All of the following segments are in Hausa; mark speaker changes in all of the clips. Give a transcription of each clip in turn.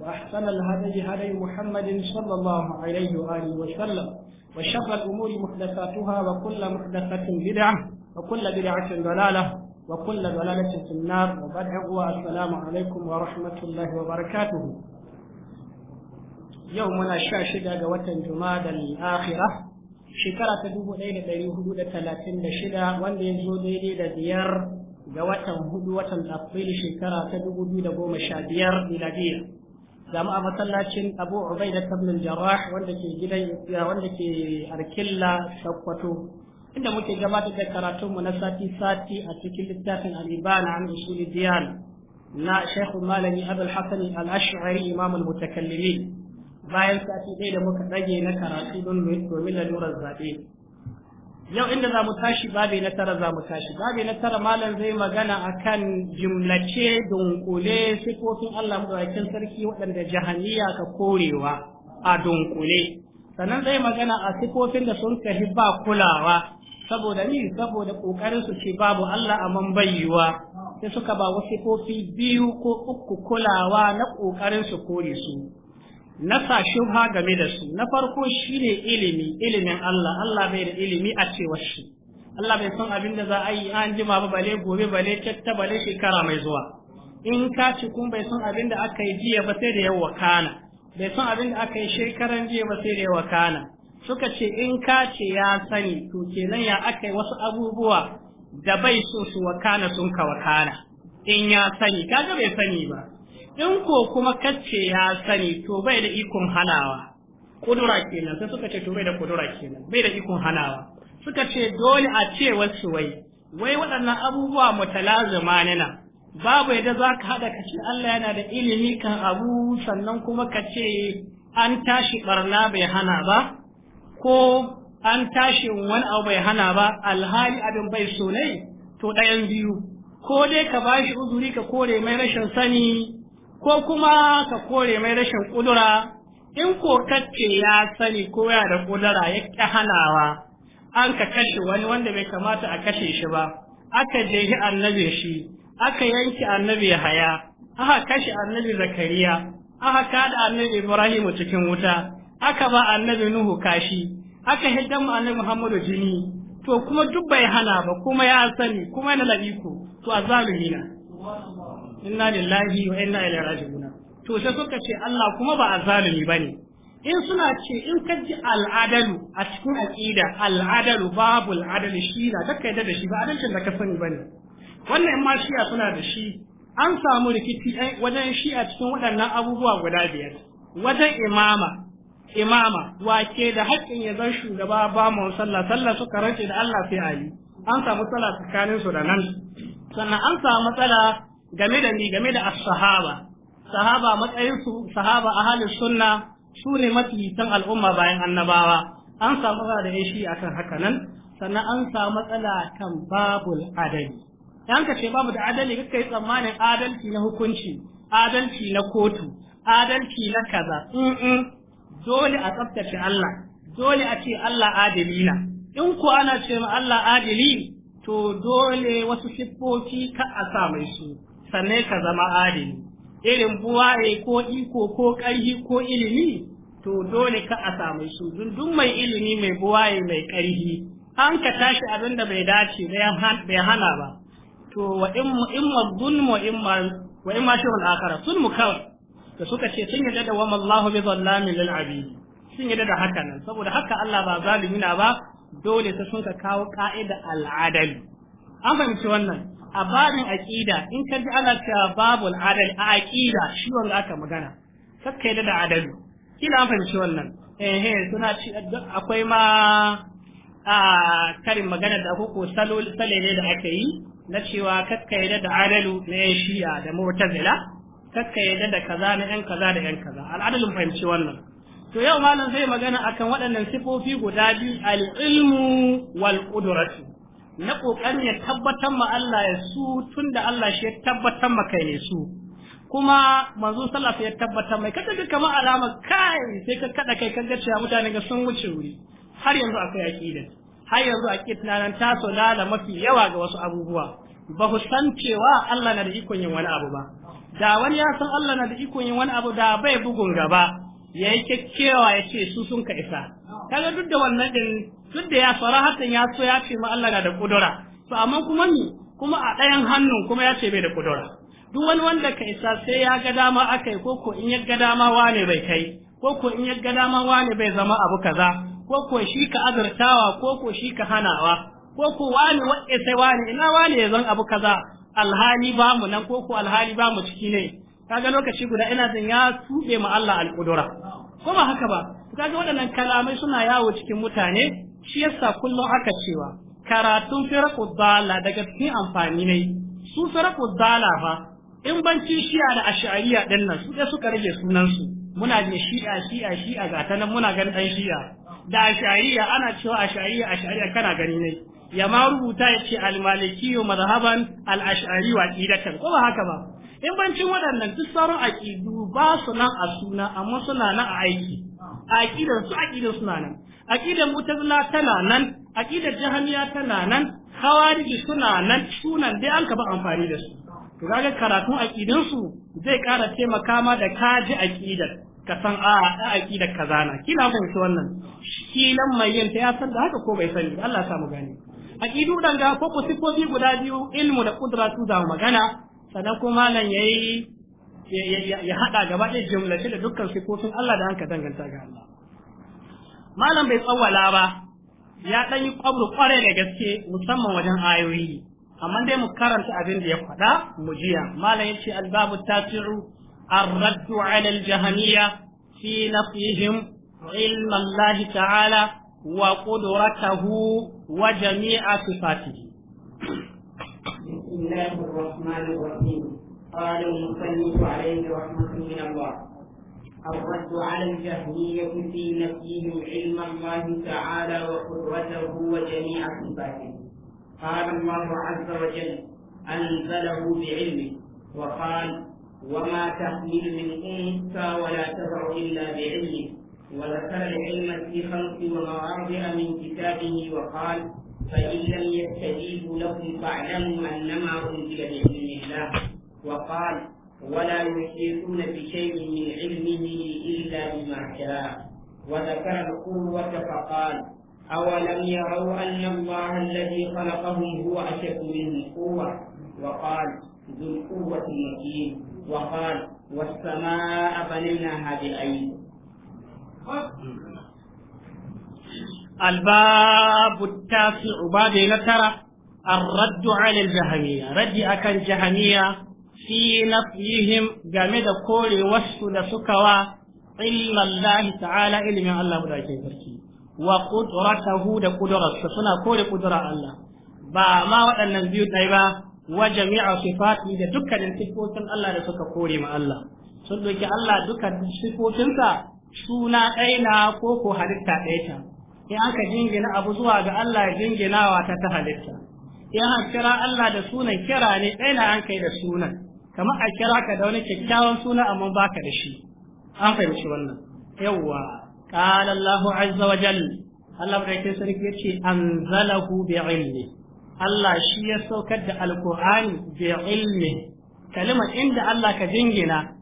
Speaker 1: وأحسن الهدي هدي محمد صلى الله عليه وآله وسلم وشر الأمور محدثاتها وكل محدثة بدعة وكل بدعة ضلالة وكل ضلالة في النار وبدع السلام عليكم ورحمة الله وبركاته يومنا شدة وتن جماد الآخرة شكرا تدوب ليلة ɗaya ثلاثين شدة وان da إلى ديار جواتا wanda الأطفال شكرا تدوب da بوم شادير watan jama'a masallacin Abu Ubaida ibn al-Jarrah wanda ke gidan wanda ke Arkilla Sokoto inda muke gabatar da karatun mu na sati sati a cikin littafin al-Ibana an usul diyan na shaihu Malami Abdul Hasan al-Ash'ari Imam al-Mutakallimin bayan sati ɗaya da muka ɗage na karatu don domin lalurar zaɓe yau inda za mu tashi babi na tara za mu tashi babi na tara malam zai magana a kan jimlace dunkule sifofin Allah madaukakin sarki waɗanda jahaniya ka korewa a dunkule sannan zai magana a sifofin da sun kahi ba kulawa saboda ni saboda kokarin su ce babu Allah a man bayyuwa sai suka ba wasu sifofi biyu ko uku kulawa na kokarin su kore su na sa shubha game da su na farko shine ilimi ilimin Allah Allah bai da ilimi a cewa shi Allah bai san abin da za a yi an jima ba bale gobe bale tatta bale shekara mai zuwa in ka ci kun bai san abin da aka yi jiya ba sai da yawa kana bai san abin da aka yi shekaran jiya ba sai da yawa kana suka ce in ka ce ya sani to kenan ya aka yi wasu abubuwa da bai so su wakana sun ka wakana in ya sani kaga bai sani ba in ko kuma kace ya sani to bai da ikon hanawa kudura kenan sai suka ce to bai da kudura kenan bai da ikon hanawa suka ce dole a ce wasu wai wai waɗannan abubuwa mutalazima ne na babu yadda za ka haɗa ka ce Allah yana da ilimi kan abu sannan kuma ka ce an tashi ɓarna bai hana ba ko an tashi wani abu bai hana ba alhali abin bai so ne to ɗayan biyu ko dai ka bashi uzuri ka kore mai rashin sani ko kuma ka kore mai rashin ƙudura in ko kacce ya sani ko ya da kudura ya ƙi hanawa an ka kashe wani wanda bai kamata a kashe shi ba aka je shi annabi shi aka yanke annabi haya aka kashe annabi zakariya aka kada annabi Ibrahim cikin wuta aka ba annabi nuhu kashi aka hidda mu annabi muhammadu jini to kuma duk bai hana ba kuma ya sani kuma yana labiku to azalumi na
Speaker 2: inna lillahi
Speaker 1: wa inna ilaihi raji'un to sai suka ce Allah kuma ba azalimi bane in suna ce in ka ji al'adalu a cikin aqida al'adalu babu al'adalu shi na da kai da shi ba adalcin da ka sani bane wannan in ma shi'a suna da shi an samu rikici eh, wajen shi'a cikin waɗannan abubuwa guda biyar wajen imama imama wake da haƙƙin ya zan shugaba ba mu sallah sallah suka rance da Allah sai ali an samu matsala tsakanin su da nan sannan an samu matsala game da ni game da as-sahaba sahaba matsayin su sahaba ahalin sunna su ne mafitan al'umma bayan annabawa an samu matsala da shi akan haka nan sannan an samu matsala kan babul adali dan ka ce babu da adali kake yi tsammanin adalci na hukunci adalci na kotu adalci na kaza dole a tsaftace Allah dole a ce Allah adali na in ko ana cewa Allah adali to dole wasu siffofi ka a sa mai su sannan ka zama adini irin buwaye ko iko ko ƙarhi ko ilimi to dole ka a samu su dundun mai ilimi mai buwaye mai ƙarhi an ka tashi abin da bai dace bai hana ba to wa in ma zulmu wa in ma akara sun mu kawai da suka ce sun yadda da wa mallahu bi zallamin lil abid sun yadda da haka nan saboda haka Allah ba zalimi na ba dole sai sun ka kawo ka'ida al'adali an fahimci wannan a babin aƙida, in ka ji ana cewa babul adal a aqida shi wanda aka magana kakka da adalu kila an fahimci wannan eh eh suna ci akwai ma a karin magana da ko salo sale ne da aka yi na cewa kakka yadda da adalu na yan shi'a da mu'tazila kakka yadda da kaza na yan kaza da yan kaza al'adalin fahimci wannan to yau malam zai magana akan waɗannan sifofi guda biyu al-ilmu wal qudratu na ƙoƙarin ya tabbatar ma Allah ya su tun da Allah shi ya tabbatar ma kai ne su kuma manzo sallallahu ya tabbatar mai kaga ga kamar alama kai sai ka kada kai kaga cewa mutane ga sun wuce wuri har yanzu akwai aqida har yanzu aqida nan ta so lala mafi yawa ga wasu abubuwa ba ku san cewa Allah na da ikon yin wani abu ba da wani ya san Allah na da ikon yin wani abu da bai bugun gaba ya yi kyakkyawa ya ce su sun ka isa kaga duk da wannan din duk da ya fara sarahatan ya so ya ce ma Allah na da kudura to amma kuma ni kuma a ɗayan hannun kuma ya ce bai da kudura duk wani wanda ka isa sai ya ga dama akai ko ko in ya ga dama wane bai kai ko ko in ya ga dama wane bai zama abu kaza ko ko shi ka azurtawa ko ko shi ka hanawa ko ko wani wa'e sai wani ina wani ya zan abu kaza alhali ba mu nan ko ko alhali ba mu ciki ne kaga lokaci guda ina zan ya tube ma Allah al-qudura ko ba haka ba kaga waɗannan kalamai suna yawo cikin mutane shi yasa kullum aka cewa karatun firqu dala daga cikin amfani ne su firqu dala ba. in banci shi'a da ash'ariya din nan su da suka rage sunan su muna da shi'a shi'a shi'a ga ta nan muna ganin dan shi'a da ash'ariya ana cewa ash'ariya ash'ariya kana gani ne ya ma rubuta ya ce al-malikiyyu madhaban al-ash'ari wa qidatan ko ba haka ba in bancin waɗannan duk sauran aƙidu ba su nan a suna amma suna nan a aiki aƙidar su aƙidar suna nan aƙidan mutazila tana nan aƙidar jahamiya tana nan hawariji suna nan sunan dai an kaba amfani da su to kaga karatun aƙidun su zai ƙara taimaka ma da kaji aƙidar ka san a aƙidar kaza na kila mun ci wannan kilan mai yin ta ya san da haka ko bai sani Allah ya samu gani aƙidu dan ga ko sifofi guda biyu ilmu da kudratu da magana sannan kuma malam yi ya haɗa gaba ɗaya jumlace da dukkan sifofin Allah da hanka danganta ga Allah malam bai tsawala ba ya ɗan yi ƙwabru ƙware da gaske musamman wajen ayoyi amma dai mu karanta abin da ya faɗa mu jiya malam ya ce albabu fi الرد على الجهمية في نفيهم Ta'ala, الله تعالى Jami'a su صفاته
Speaker 2: الله الرحمن الرحيم قال المصنف عليه رحمة من الله الرد على الجهمية في نفيهم علم الله تعالى وقدرته وجميع صفاته قال الله عز وجل أنزله بعلمه وقال وما تحمل من أنثى ولا تبع إلا بعلمه وذكر العلم في خلق ومواضع من كتابه وقال فإن لم يستجيبوا لكم فاعلموا أنما أنزل بعلم الله وقال ولا يحيطون بشيء من علمه إلا بما شاء وذكر القوة فقال أولم يروا أن الله الذي خلقهم هو أشد منهم قوة وقال ذو القوة المتين وقال والسماء بنيناها بأيدي الباب التاسع باب
Speaker 1: نترى الرد على الجهمية رد أكن جهمية في نفيهم جامد كل وش لسكوا علم الله تعالى علم الله huda الفرسي وقدرته لقدرة سنة كل قدرة الله ba ma waɗannan biyu ɗai ba wa jami'a sifati da dukkanin sifofin Allah da suka kore ma Allah sun ɗauki Allah dukkan sifofinsa suna ɗaina ko ko halitta ɗaya in aka jingina abu zuwa ga Allah jinginawa ta ta halitta in an kira Allah da suna kira ne ɗaya na an kai da sunan kamar a kira ka da wani kyakkyawan suna amma baka da shi an fahimci wannan yawwa qala Allahu azza wa jalla Allah madaukakin sarki yace anzalahu bi ilmi Allah shi ya saukar da alqur'ani bi ilmi kalimar inda Allah ka jingina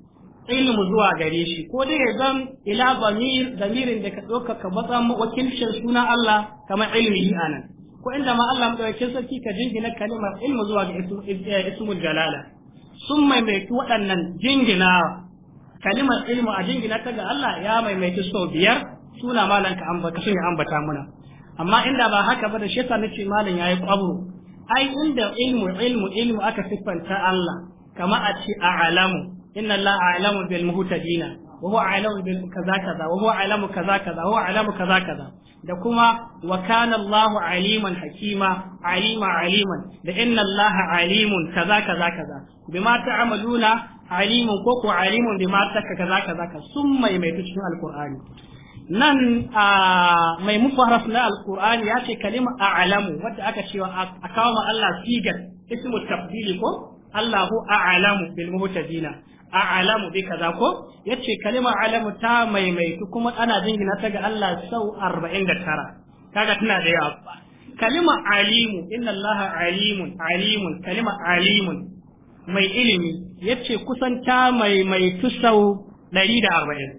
Speaker 1: ilmu zuwa gare shi ko dai ya zan ila zamir zamirin da ka ɗauka ka matsa wakilcin suna Allah kamar ilmi anan ko inda ma Allah madaukakin sarki ka jingina kalimar ilmu zuwa ga eh, ismul jalala sun maimaitu waɗannan jingina kalimar ilmu a jingina ta ga Allah ya maimaitu sau biyar suna malan ka ambata sun ambata muna amma inda ba haka ba da shi yasa nace ya yi kwabro ai inda ilmu ilmu ilmu aka siffanta Allah kama a ce a'lamu inna Allah a'lamu bil muhtadina wa huwa a'lamu bil kaza kaza wa huwa a'lamu kaza kaza wa a'lamu kaza kaza da kuma wa kana Allahu aliman hakima alima aliman da inna Allah alimun kaza kaza kaza bima ta'maluna alimun ko ko alimun bima taka kaza kaza ka sun mai mai cikin alqur'ani nan a mai mufarraf na alqur'ani ya ce kalima a'lamu wanda aka cewa a kawo Allah sigar ismu tafdili ko Allahu a'lamu bil muhtadina a'lamu bi kaza ko Ya ce kalima alamu ta maimaitu kuma ana jingina ta ga Allah sau arba'in da 49 kaga tana da yawa kalima alimu inna Allah alimun alimun kalima alimun mai ilimi Ya ce kusan ta maimaitu sau ɗari da arba'in.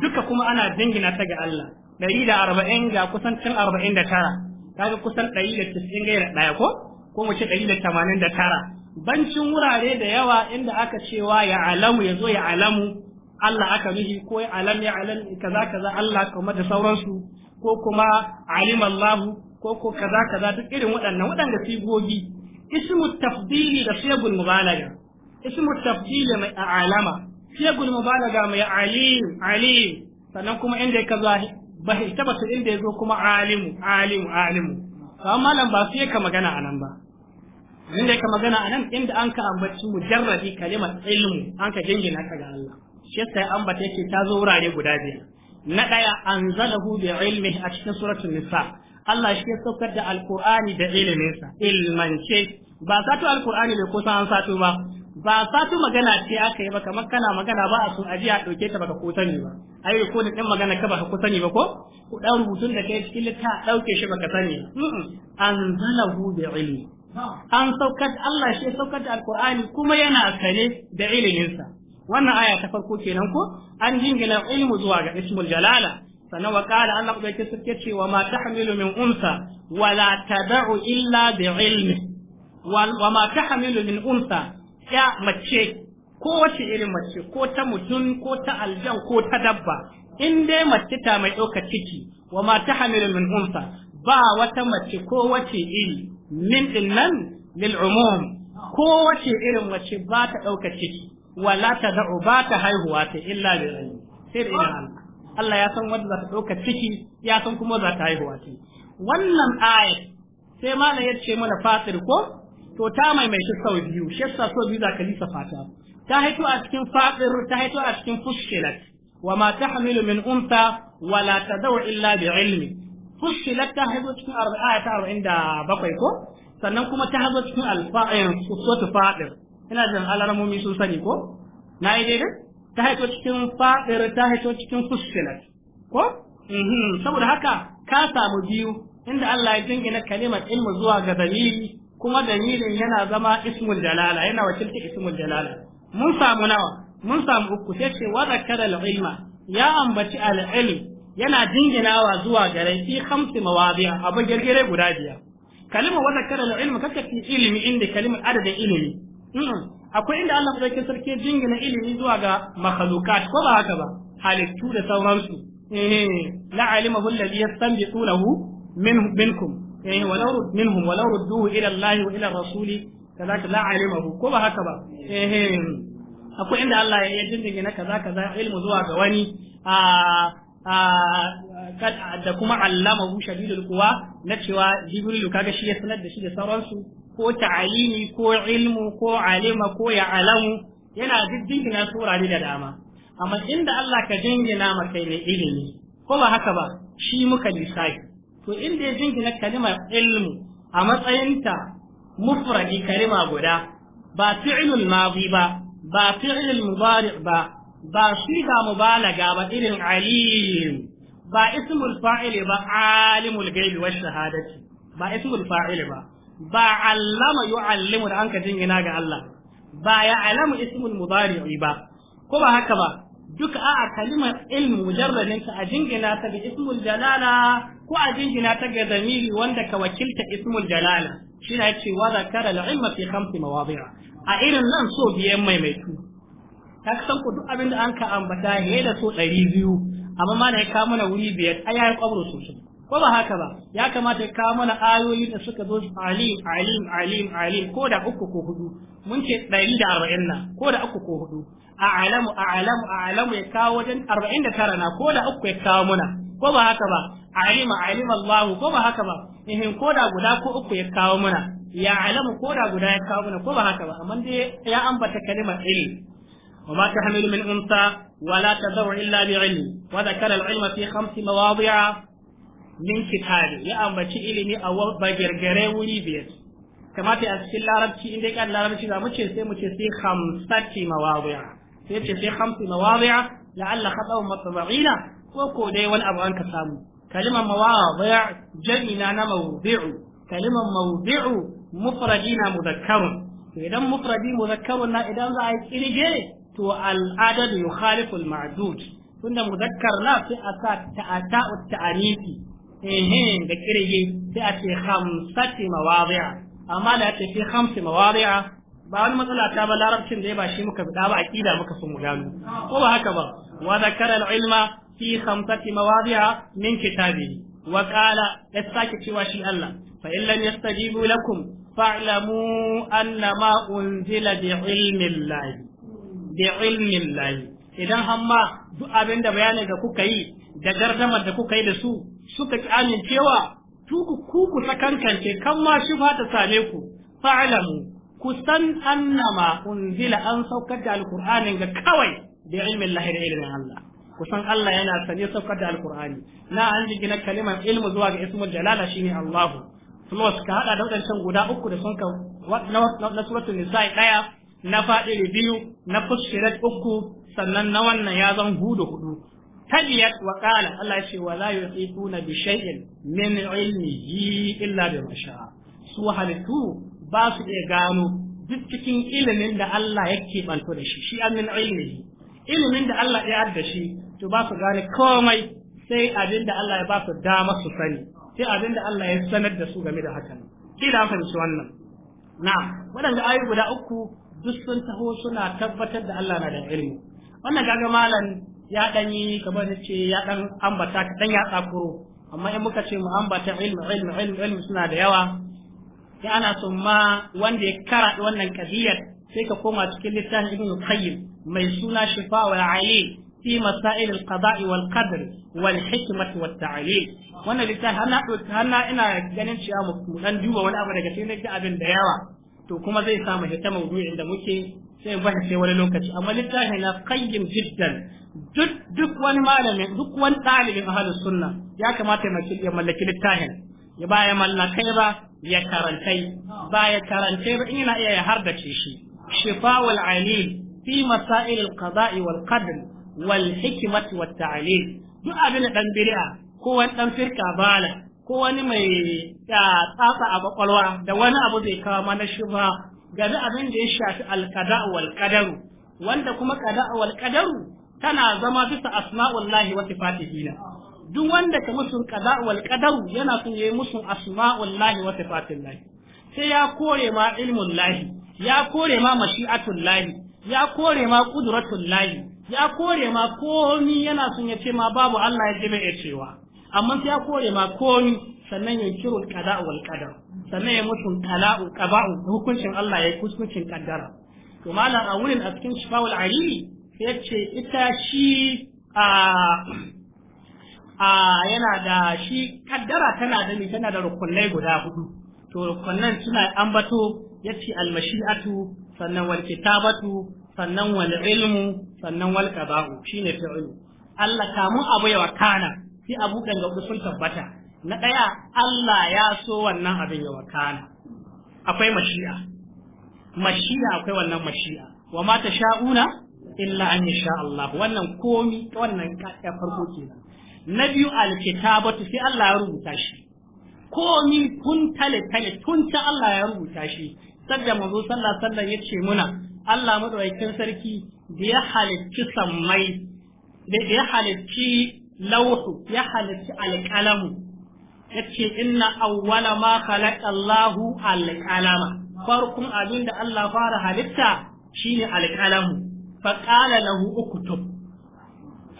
Speaker 1: duka kuma ana jingina ta ga Allah ɗari da arba'in ga kusan tun 49 kaga kusan ɗari da 190 gaira ɗaya, ko ko mu ce tara? bancin wurare da yawa inda aka cewa ya alamu ya zo ya alamu Allah aka nuhi ko ya alam ya alam kaza kaza Allah kuma da sauransu ko kuma alim Allah ko ko kaza kaza duk irin waɗannan waɗanda sigogi ismu tafdili da sigul mubalaga ismu tafdili mai alama sigul mubalaga mai alim alim sannan kuma inda ka zo ba tabbata inda ya zo kuma alimu alimu alimu amma malam ba su ka magana anan ba Mun da ka magana anan inda an ka ambaci mujarradi kalimar ilmu an ka jingina ta ga Allah. Shi an bata yake ta zo wurare guda biyu. Na ɗaya anzalahu bi ilmi a cikin suratul nisa. Allah shi ya saukar da alqur'ani da iliminsa ilmance ba sato alqur'ani bai kusa an sato ba ba sato magana ce aka yi ba kamar kana magana ba a sun ajiya a ɗauke ta baka ko sani ba ai ko da ɗin magana ka baka ko sani ba ko ku ɗan rubutun da kai cikin ta ɗauke shi baka sani An anzalahu bi ilmi an saukar Allah shi saukar da alkur'ani kuma yana sane da iliminsa wannan aya ta farko kenan ko an jingina ilmu zuwa ga ismul jalala sannan wa qala Allah ku yake suke cewa ma tahmilu min unsa wala tad'u illa bi ilmi wa ma tahmilu min unsa ya mace ko wace irin mace ko ta mutum ko ta aljan ko ta dabba in dai mace ta mai ɗaukar ciki wa ma tahmilu min unsa ba wata mace ko wace iri min din nan lil umum kowace irin wace ba ta ɗauka ciki wala ta da'u ba ta haihuwa ta illa bi rai sai da ina Allah ya san wanda za ta ɗauka ciki ya san kuma za ta haihuwa ta wannan aya sai malam ya ce mana fatir ko to ta maimaita sau biyu shi yasa sau biyu za ka lisa fata ta haito a cikin fatir ta haito a cikin fuskilat wa ma tahmilu min unsa wala tadau illa bi ilmi fussilat ta hazo cikin arba'a ta arba'in da bakwai ko sannan kuma ta hazo cikin alfa'in eh, sosai faɗin ina jin alaramomi sun sani ko na yi daidai ta haito cikin faɗir ta haito cikin fussilat ko mhm. saboda haka ka samu biyu inda Allah ya dingina kalimar ilmu zuwa ga dalili kuma dalilin yana zama ismul jalala yana wakilta ismul jalala mun samu nawa mun samu uku sai ce wa zakara al-ilma ya ambaci al-ilm yana jinginawa zuwa gare fi khamsi mawadi'a abin girgire guda biyar kalimar wadda kare da ilmi kake fi ilimi inda kalimar adadin ilimi akwai inda Allah madaukakin sarki jingina ilimi zuwa ga makhluqat ko ba haka ba halittu da sauransu eh, la alima alladhi lahu min minkum eh walau minhum walau rudduhu ila Allah wa ila rasuli kadaka la alimahu ko ba haka ba eh, eh. akwai inda Allah ya jingina kaza kaza ilmu zuwa ga wani a ah, da kuma Allama allamahu shadidu kuwa na cewa jibrilu kaga shi ya sanar da shi da sauransu ko ta'alimi ko ilmu ko alima ko ya alamu yana diddigina surare da dama amma inda Allah ka jingina maka ne ilimi ko ba haka ba shi muka lissafi to inda ya jingina kalimar ilmu a matsayinta mufradi kalima guda ba fi'lul madi ba ba fi'lul mudari ba ba shi ga mubalaga ba irin alim ba ismul fa'il ba alimul gaibi wa shahadati ba ismul fa'il ba ba allama yu'allimu da anka jingina ga Allah ba ya alamu ismul mudari'i ba ko ba haka ba duka a kalimar ilmu mujarradin ta a jingina ta ga ismul jalala ko a jingina ta ga zamiri wanda ka wakilta ismul jalala shi ne ce wa zakara al fi khamsi mawadi'a a irin nan so biyan maimaitu ka san ku duk abin da an ka ambata he da so ɗari biyu amma ma da ya kawo mana wuri biyar ai ya kwabro sosai ko ba haka ba ya kamata ya kawo mana ayoyi da suka zo alim alim alim alim ko da uku ko hudu mun ce ɗari da arba'in na ko da uku ko hudu a'lamu a'lamu a'lamu ya kawo wajen arba'in da tara na ko da uku ya kawo mana? ko ba haka ba alima alima Allahu ko ba haka ba ihin ko da guda ko uku ya kawo mana? ya alamu ko da guda ya kawo mana? ko ba haka ba amma dai ya ambata kalimar ilmi وما تحمل من أنثى ولا تذر إلا بعلم وذكر العلم في خمس مواضع من كتابه يا أما إلمي أو بجرجري وليبيت كما تأسكي العربي إنك أن العربي إذا مشي سي مشي سي خمسة مواضع سيمشي في خمس مواضع لعل خطأ مطبعين وكو دي والأبو أنك سامو كلمة مواضع جمعنا موضع كلمة موضع مفردين مذكر إذا مفردين مذكر إذا لا يتقلقين to al'adar yukhaliful ma'dud tunda muzakkar na sai a sa ta'ata ta'anisi eh da kirge sai a ce khamsati mawadi'a amma da ake fi khamsi mawadi'a ba wani matsala ta ba larabcin da ba shi muka bida ba aqida muka sun mu gano ko ba haka ba wa zakara al-ilma fi khamsati mawadi'a min kitabihi wa qala yastaki cewa shi Allah fa in lam yastajibu lakum fa'lamu anna ma unzila bi ilmi Allah bi ilmin lahi idan hamma duk abin da bayanin da kuka yi da gardamar da kuka yi da su suka ki amincewa tuku kuku sakankance kan ma shi ta same ku fa'lamu ku san annama unzila an saukar da alqur'anin ga kawai da ilmin lahi da ilmin Allah ku san Allah yana sane saukar da alqur'ani na an gina kalimar ilmu zuwa ga ismul jalala shine Allahu plus ka hada da wadancan guda uku da sun ka na suratul nisa'i daya na fadiri biyu na fussirat uku sannan na wannan ya zan hudu hudu tabiyat wa qala Allah ce wala yuqituna bi shay'in min ilmihi illa bi masha su halittu ba su iya gano duk cikin ilimin da Allah yake banto da shi shi amin ilmihi ilimin da Allah ya adda shi to ba su gane komai sai abin da Allah ya ba su dama su sani sai abin da Allah ya sanar da su game da hakan kila an fahimci wannan Na waɗanda ayoyi guda uku duk sun taho suna tabbatar da Allah na da ilimi wannan gaga malam ya dan yi kamar da ce ya dan ambata dan ya tsakuro amma in muka ce mu ambata ilmi ilmi ilmi ilmi suna da yawa ya ana son ma wanda ya kara wannan kadiyar sai ka koma cikin littafin ibnu qayyim mai suna shifa wa ali fi masail al-qada'i wal qadr wal hikmah wat ta'lil wannan littafin hana ina ganin cewa mu dan duba wani abu daga cikin abin da yawa to kuma zai samu hita mawdu'in da muke sai ba sai wani lokaci amma littafi na qayyim jiddan duk duk wani malami duk wani talibin ahlus sunna ya kamata ya mallaki littafin ya baya mallakai ba ya karantai ba ya karantai ba ina iya ya hardace shi Ali alil fi masail alqada'i wal qadr wal hikmati wat ta'lil duk abin dan bid'a ko wani dan firka bala ko wani mai tsatsa a kwakwalwa da wani abu zai kawo mana shubha gari abin da ya shafi alkada wal qadaru wanda kuma kada wal qadaru tana zama bisa asma'ullahi wa na duk wanda ka musu kada wal qadaru yana son yayi musun asma'ullahi wa sifatillahi sai ya kore ma ilmun lahi ya kore ma mashi'atul lahi ya kore ma qudratul lahi ya kore ma komi yana son ya ce ma babu Allah ya ce ya cewa amma sai ya kore ma komi sannan ya kirul qada wal qadar sannan ya mutun qala qaba'u hukuncin Allah ya hukuncin kaddara to malam a wurin a cikin shifawul Ali sai ce ita shi a a yana da shi kaddara tana da ni tana da rukunai guda hudu to rukunan suna ambato yace almashi'atu sannan wal kitabatu sannan wal ilmu sannan wal qada'u shine fi'lu Allah kamun abu ya wakana sai abubuwan ga sun tabbata na ɗaya Allah ya so wannan abin ya wakana akwai mashi'a mashi'a akwai wannan mashi'a wa ma ta sha'una illa an sha Allah wannan komi wannan ya farko kenan na biyu alkitabatu sai Allah ya rubuta shi komi kun tale tale tun ta Allah ya rubuta shi sadda manzo sallallahu alaihi wasallam yace muna Allah madaukakin sarki da ya halicci sammai da ya halitti lauhu ya halarci alƙalamu ya ce inna awwala ma khalaqa Allahu alƙalama farkon abin da Allah fara halitta shine alƙalamu fa qala lahu uktub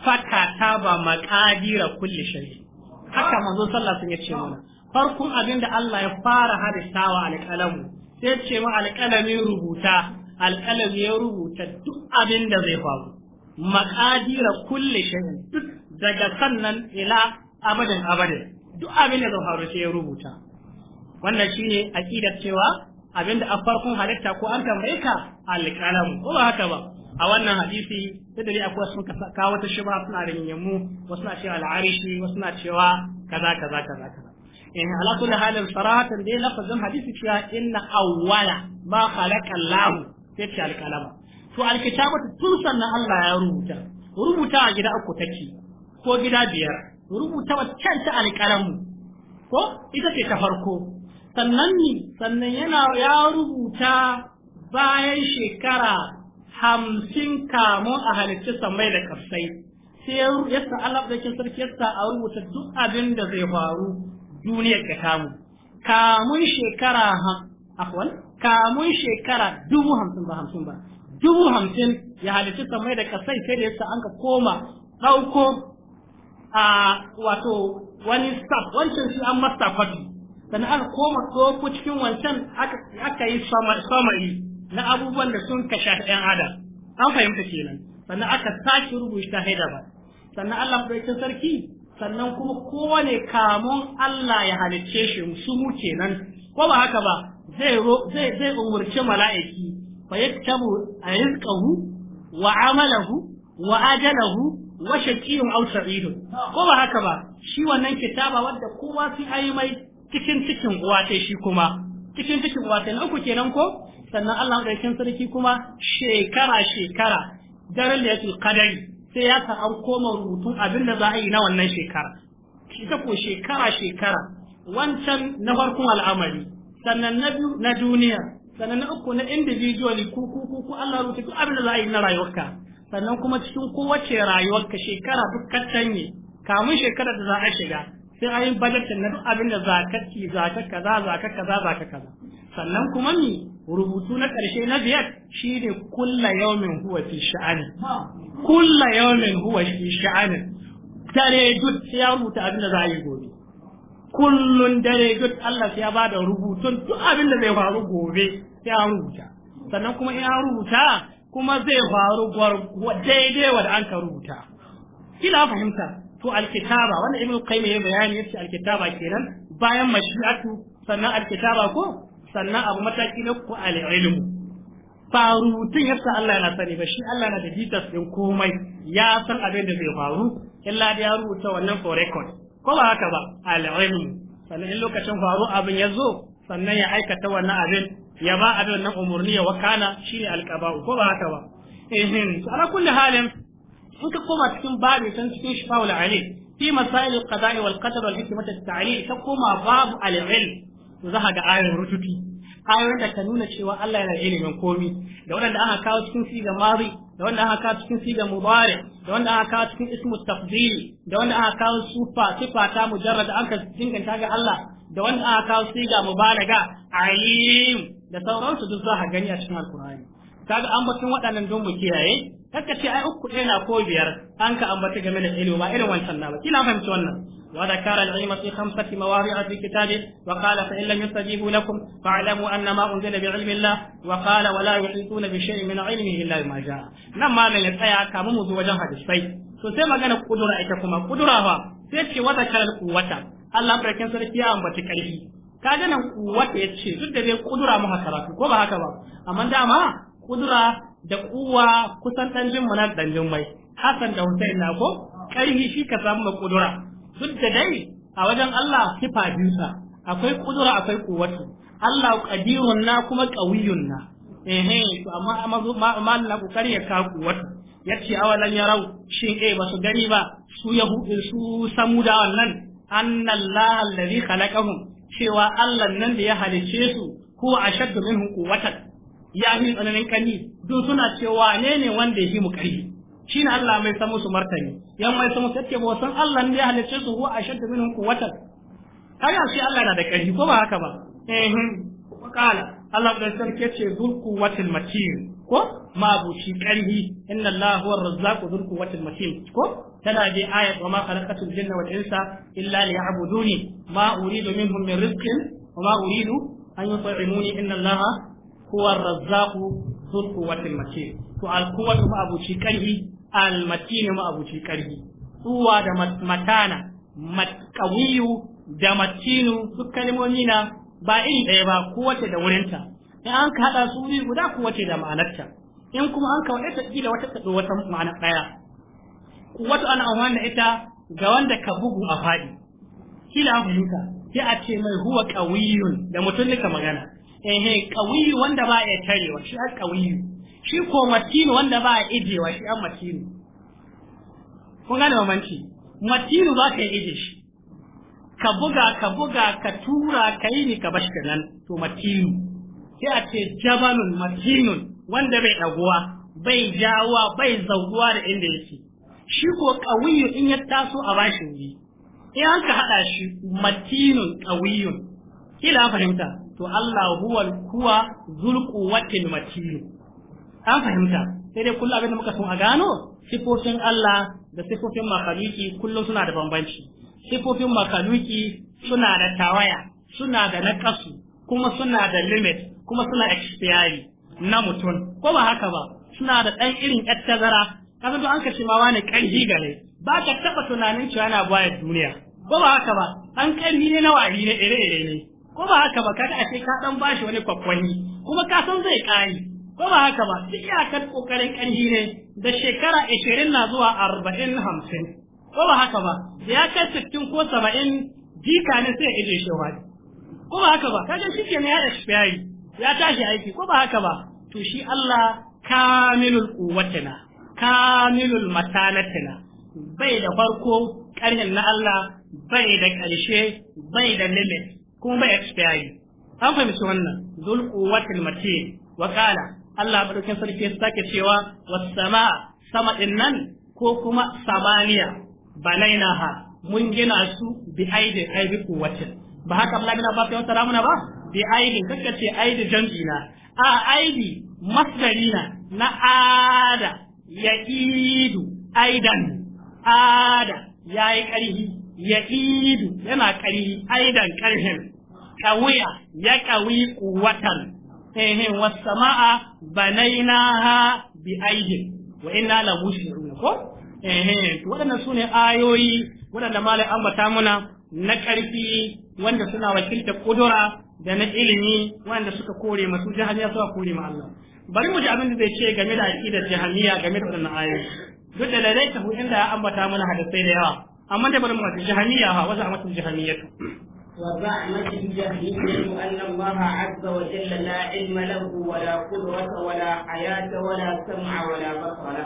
Speaker 1: fakataba maqadira kulli shay haka manzo sallallahu alaihi wasallam ya ce mana farkon abin da Allah ya fara halittawa alƙalamu sai ce alƙalamin rubuta alƙalami ya rubuta duk abin da zai faru maƙadira kulle shayin duk daga sannan ila abadin abadin duk abin da zai faru sai ya rubuta wannan shine aqidar cewa abinda a farkon halitta ko an tambaye ka alƙalamu ko ba haka ba a wannan hadisi sai da akwai wasu kawo wata shubha suna da yammu wasu na cewa al'arishi wasu na cewa kaza kaza kaza kaza in eh, ala halin sarahatan dai lafazin hadisi cewa inna awwala ma khalaqa Allah sai ce alƙalama to alkitabu tun sannan Allah ya rubuta rubuta a gida uku take ko gida biyar rubuta waccan ta alƙalamu ko ita ce ta farko sannan ni sannan yana ya rubuta bayan shekara hamsin kamun a halittu samai da kafsai sai ya sa Allah da ke sarki yasa a rubuta duk abin da zai faru duniyar ka kamu kamun shekara ha, afwan kamun shekara dubu hamsin ba hamsin ba dubu hamsin ya halittu samai da kafsai sai da yasa an ka koma ɗauko a wato wani staff wancan shi an masta fadi sannan aka koma ku cikin wancan aka yi samari na abubuwan da sun kashe ɗan adam an fahimta kenan sannan aka sake rubuta haida ba sannan Allah madaukakin sarki sannan kuma kowane kamun Allah ya halicce shi su mu kenan ko ba haka ba zai zai zai umurci mala'iki fa yaktabu ayizqahu wa amalahu wa ajalahu wa shaqiyun aw sa'idun ko ba haka ba shi wannan kitaba wanda kowa sai ayi mai cikin cikin uwa ta shi kuma cikin cikin uwa Nan uku kenan ko sannan Allah da cikin sarki kuma shekara shekara daren da yake kadari sai ya ta an koma rubutun abin da za a yi na wannan shekara ita ko shekara shekara wancan na farkon al'amari sannan na biyu na duniya sannan na uku na individually ku ku ku Allah rubuta duk abin da za a yi na rayuwarka sannan kuma cikin kowace rayuwarka shekara duk ne. kamun shekarar da za a shiga sai a yi bajetin na duk abin da za ka kaza ka kaza ka kaza sannan kuma mi rubutu na ƙarshe na biyar ne kulla min huwa fi sha'ani kulla min huwa fi sha'ani dare duk sai ya rubuta abin da za a yi gobe kullun dare duk Allah sai ya bada rubutun duk abin da zai faru gobe sai ya rubuta sannan kuma in ya rubuta kuma zai faru daidai wa da an ka rubuta kila fahimta to alkitaba wannan ibnu qayyim ya bayani yace alkitaba kenan bayan mashi'atu sannan alkitaba ko sannan abu mataki na ku al-ilmu ba rubutun yasa Allah yana sani ba shi Allah na da jitas ɗin komai ya san abin da zai faru illa da ya rubuta wannan for record ko ba haka ba al-ilmu sannan in lokacin faru abin ya zo sannan ya aikata wannan abin ya ba abin nan umarni ya wakana shine alqaba'u ko ba haka ba ehin ala kulli halin in ka koma cikin babu san cikin shifa'ul ali fi masail alqada'i wal qadar wal hikmat at-ta'lil ka koma babu al-ilm za ka ga ayoyin rututi ayoyin da ka nuna cewa Allah yana ilimin komi da wanda aka kawo cikin siga mari da wanda aka kawo cikin siga Mubare, da wanda aka kawo cikin ismu tafdil da wanda aka kawo sufa sifa ta mujarrad an ka dinganta ga Allah da wanda aka kawo siga mubalaga alim da sauransu duk za a gani a cikin alkur'ani kaga ambacin waɗannan don mu kiyaye kaka ai uku ɗaya na ko biyar an ka ambata game da ilimi ma irin wancan na ba fahimci wannan wa da kara al'ima fi khamsati mawari a fi kitabi wa qala fa in lam yustajibu lakum fa alamu anna ma unzila bi ilmi Allah wa qala wa la yuhituna bi shay'in min ma jaa nan ma ne tsaya ka mu zuwa wajen hadisi to sai magana kudura ita kuma kudura fa sai ce wata da kara al'uwata Allah barkin sarki ya ambata karfi kaga nan kuwata ce duk da dai kudura mu karatu ko ba haka ba amma dama kudura da kuwa kusan dan jin na dan mai Hassan da Hussein na ko karhi shi ka samu da kudura duk da dai a wajen Allah kifa biyu akwai kudura akwai kuwatu Allah qadirun na kuma qawiyun na ehe to amma amma ku kokari ya kaku yace awalan yarau shin eh ba su gani ba su yahudin su samuda wannan annallaha alladhi khalaqahum cewa Allah nan da ya halice su huwa ashaddu minhu watan, ya yi tsananin kani don suna cewa ne ne wanda ya yi mu karfi shi ne Allah mai samu su martani yan mai samu su ba san Allah ne ya halicce su a shaddu min minhum quwwatan kaga shi Allah na da ƙarfi ko ba haka ba eh kala Allah da sarki ce zul quwwatil matin ko ma bu shi ƙarfi inna Allah huwa razzaqu zul quwwatil matin ko tana dai ayat wa ma khalaqatul jinna wal insa illa liya'buduni ma uridu minhum min rizqin wa ma uridu an yut'imuni inna allaha huwa ar-razzaqu dhul quwwatil matin to al-quwwatu ma abuci karhi al-matin ma abuci karhi tsuwa da matana matqawiyu da matinu su kalmomi na ba iri ɗaya ba kowace da wurinta in an ka haɗa su guda kowace da ma'anarta in kuma an ka wata da wata ta wata ma'ana ɗaya wato ana amfani da ita ga wanda ka bugu a faɗi kila an fahimta sai a ce mai huwa ƙawiyun da mutum nika magana eh eh wanda ba ya tarewa shi an ƙawiyu. shi ko matinu wanda ba ya ijewa shi an matinu kun gane mamanci matinu ba ka ije shi ka buga ka buga ka tura ka yi ni ka bashi nan to matinu sai a ce jabanun matinun wanda bai ɗaguwa bai jawa bai zaguwa da inda yake shi ko ƙawiyu in ya taso a bashin wuri in an ka haɗa shi matinun ƙawiyun kila fahimta to Allah huwa kuwa zulku watin matinu an fahimta sai dai kullum abinda da muka sun a gano sifofin Allah da sifofin makaluki kullum suna da bambanci sifofin makaluki suna da tawaya suna da naƙasu kuma suna da limit kuma suna expire na mutum ko ba haka ba suna da ɗan irin ƴar tazara ka san to an kashe ma wani karhi gare ba ka taba tunanin cewa yana bayar duniya ko ba haka ba an karhi ne na wari ne ire ire ne ko ba haka ba kada a ce ka dan bashi wani kwakwani kuma ka san zai kai ko ba haka ba duk iyakar kokarin karhi ne da shekara 20 na zuwa 40 50 ko ba haka ba ya kai 60 ko 70 jika ne sai ije shi wani ko ba haka ba kaga shi ne ya expire ya tashi aiki ko ba haka ba to shi Allah kamilul quwwatina kamilul matanatina bai da farko ƙarhin na Allah bai da ƙarshe bai da limit kuma bai expiry an fahimci wannan zul quwwatil matin wa qala Allah madaukin sarki ya sake cewa was sama sama din nan ko kuma samaniya banainaha mun gina su bi aidin aibi quwwatin ba haka Allah bin Abbas ya tsara muna ba bi aidin kake ce aidi jami'ina a aidi masdarina na ada ya'idu aidan ada yayi karhi ya'idu yana karhi aidan karhin kawiya ya kawi kuwatan ehe wasama'a banainaha bi aidin wa inna la ko waɗannan sune ayoyi waɗanda malai ambata muna na ƙarfi wanda suna wakiltar kudura da na ilimi wanda suka kore masu jahaniya suka kore ma Allah bari mu ji abin da zai ce game da aqidar jahamiya game da wannan ayoyi duk da lalai ta inda ya ambata mana hadisai da yawa amma da bari mu ji jahamiya ha wasu amatin jahamiyatu
Speaker 2: وزعمت الجهمية أن الله Wa وجل لا علم له ولا قدرة ولا حياة ولا سمع ولا بصر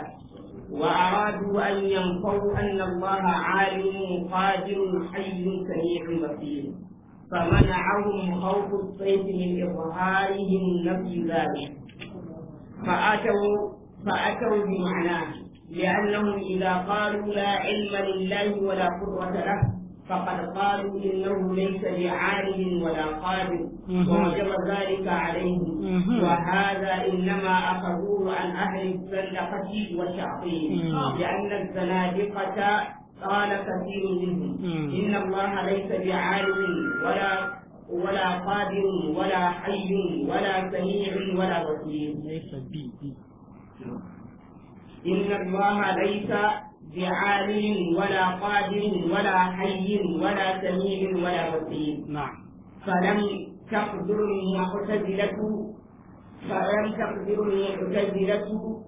Speaker 2: وأرادوا أن ينفوا أن الله عالم قادر حي سميع بصير فمنعهم خوف الصيف من إظهارهم نفي ذلك فأتوا فأتوا بمعناه لأنهم إذا قالوا لا علم لله ولا قدرة له فقد قالوا إنه ليس بعالم ولا قادر ووجب ذلك عليهم وهذا إنما أخذوه عن أهل الزندقة والشعطين آه. لأن الزنادقة قال كثير منهم إن الله ليس بعالم ولا ولا قادر ولا حي ولا سميع ولا بصير ليس بي بي إن الله ليس بعالم ولا قادر ولا حي ولا سميع ولا بصير نعم فلم تقدرني معتزلة فلم تقدرني معتزلة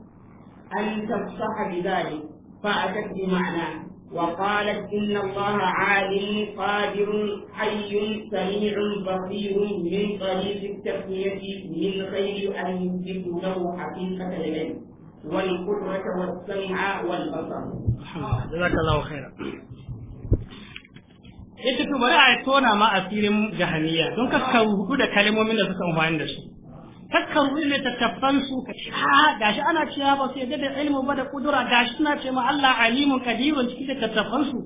Speaker 2: أن تفصح بذلك فأتت بمعناه وقالت إن الله عالم قادر حي سميع بصير من طريق التسمية من غير أن يدرك له حقيقة العلم والقدرة والسمع والبصر.
Speaker 1: جزاك الله خيرا. ita to bari a tona ma asirin jahaniya don ka hudu da kalmomin da suka amfani da su kakkan rume tattafan su ka ce a gashi ana cewa ba su yadda da ilmu ba da kudura gashi suna ce ma Allah alimun kadirun cikin tattafan su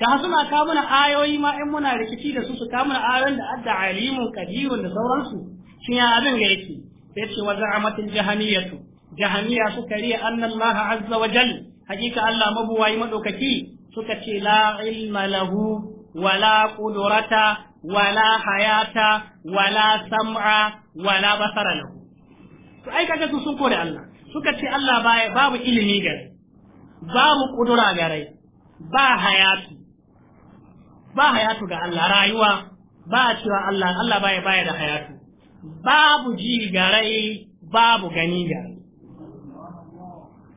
Speaker 1: ga suna kawo mana ayoyi ma in muna rikici da su su kawo mana ayoyin da adda alimun kadirun da sauransu shin ya abin ga yake sai ce wa za'amatul jahaniyatu jahaniya suka riya annan laha azza wa jal hakika Allah mabuwayi madaukaki suka ce la ilma lahu wala qudrata wala hayata wala sam'a wala basara lahu to ai kaga sun kore Allah suka ce Allah ya, babu ilimi gare babu kudura gare ba hayatu ba hayatu ga Allah rayuwa ba cewa Allah Allah baya baya da hayatu babu ji gare babu gani gare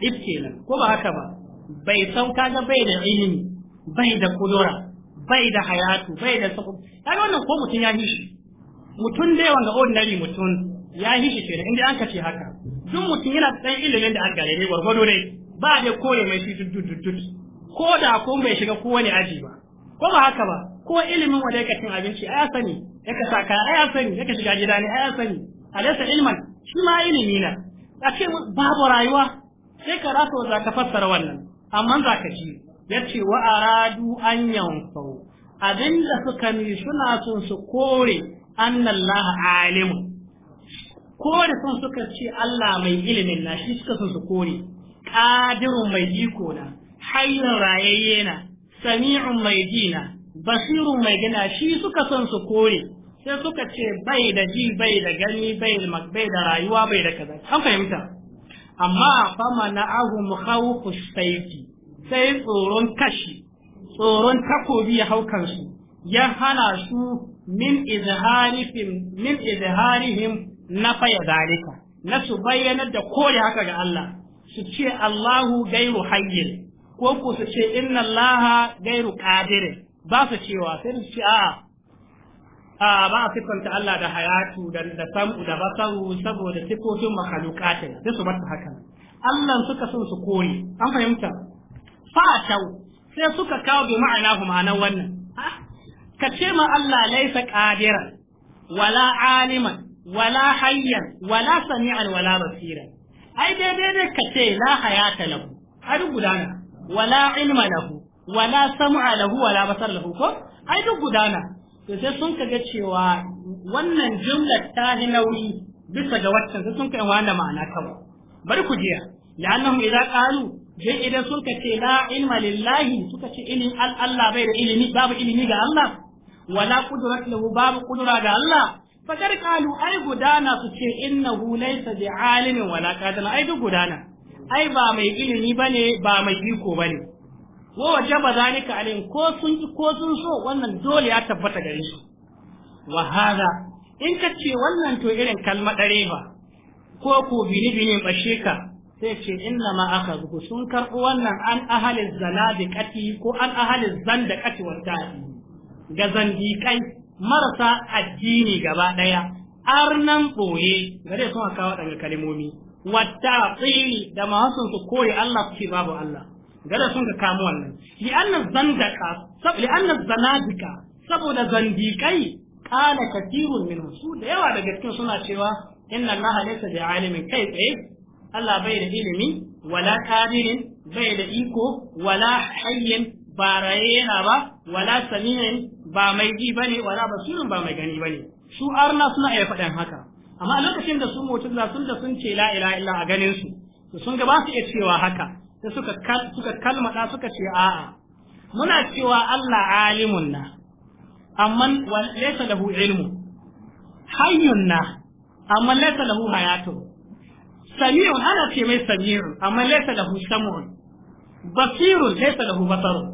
Speaker 1: ibkelan ko ba haka ba bai sauka kaga bai da ilimi bai da kudura bai da hayatu bai da sabu kaga wannan ko mutum ya yi shi mutum dai wanda ordinary mutum ya yi shi kenan inda an kace haka duk mutum yana tsayin ilimin da aka gare ne gwargwado ne ba dai kore mai shi duddudud ko da ko bai shiga ko wani aji ba ko ba haka ba ko ilimin wanda yake cin abinci a ya sani yake sa kaya a ya sani yake shiga gida ne a ya sani alaysa ilman shi ma ilimi na a ce babu rayuwa sai ka rasa za ka fassara wannan amma za ka ji ce wa radu an abin abinda suka yi suna son su kore annallaha alimu kore sun suka ce Allah mai ilimin na shi suka sun su kore ƙadirun mai iko na hayyun rayayye na sami'un mai jina basirun mai gina shi suka son su kore sai suka ce bai da ji bai da gani bai da bai da rayuwa bai da kaza an fahimta amma fa mana'ahum khawfu sayfi sai tsoron kashi tsoron takobi ya haukansu. su ya hana su min izharihim min na faya dalika na su bayyanar da kore haka ga Allah su ce Allahu gairu hayyin ko ku su ce inna Allaha gairu qadir ba su cewa sai su ce a'a a ba a siffanta Allah da hayatu da da sam'u da basaru saboda sifofin makhluqatin da su bar haka Allah suka son su kore an fahimta fatau sai suka kawo bi ma'ana hu ma'anar wannan ka ce ma Allah laisa qadiran wala aliman wala hayyan wala sami'an wala basira ai daidai ne ka ce la hayata lahu ai duk gudana wala ilma lahu wala sam'a lahu wala basar lahu ko ai duk gudana to sai sun kaga cewa wannan jumlar ta hi nauyi bisa ga waccan sai sun kai wanda ma'ana kawai bari ku jiya la'annahum idza qalu duk idan suka ce la ilma lillahi suka ce ilimin Allah bai da ilimi babu ilimi ga Allah wala qudrat lahu babu qudra ga Allah kar kalu ai gudana su ce innahu laysa bi alimin wala qadana ai duk gudana ai ba mai ilimi bane ba mai iko bane wa wajaba zalika alayhim ko sun ko sun so wannan dole ya tabbata gare su wa in ka ce wannan to irin kalma dare ba ko ko bini bini bashe ka sai ce inna ma aka zuku sun karɓi wannan an ahalin zanadiƙati ko an ahalin kati wata ga zandikai, marasa addini gaba ɗaya arnan ɓoye gare sun kawo waɗanda kalimomi wata tsini da mahasun su koyi Allah su babu Allah gare sun ka kamo wannan li'annan zandaka li'annan zanadika saboda zandikai ƙala kasirun min su da yawa daga cikin suna cewa inna Allah laysa bi alimin kai tsaye Allah bai da ilimi wala kadirin bai da iko wala hayyin ba raye yana ba wala sami'in ba mai ji bane wala basirin ba mai gani bane su arna suna iya faɗin haka amma a lokacin da su da sun da sun ce la ilaha illa a ganin su to sun ga ba su iya cewa haka sai suka suka kalmada suka ce a'a muna cewa Allah alimun na amma laysa lahu ilmu hayyun na amma laysa lahu hayatun sami'un ana ce mai sami'un amma laisa lahu sam'un basirun laisa lahu basarun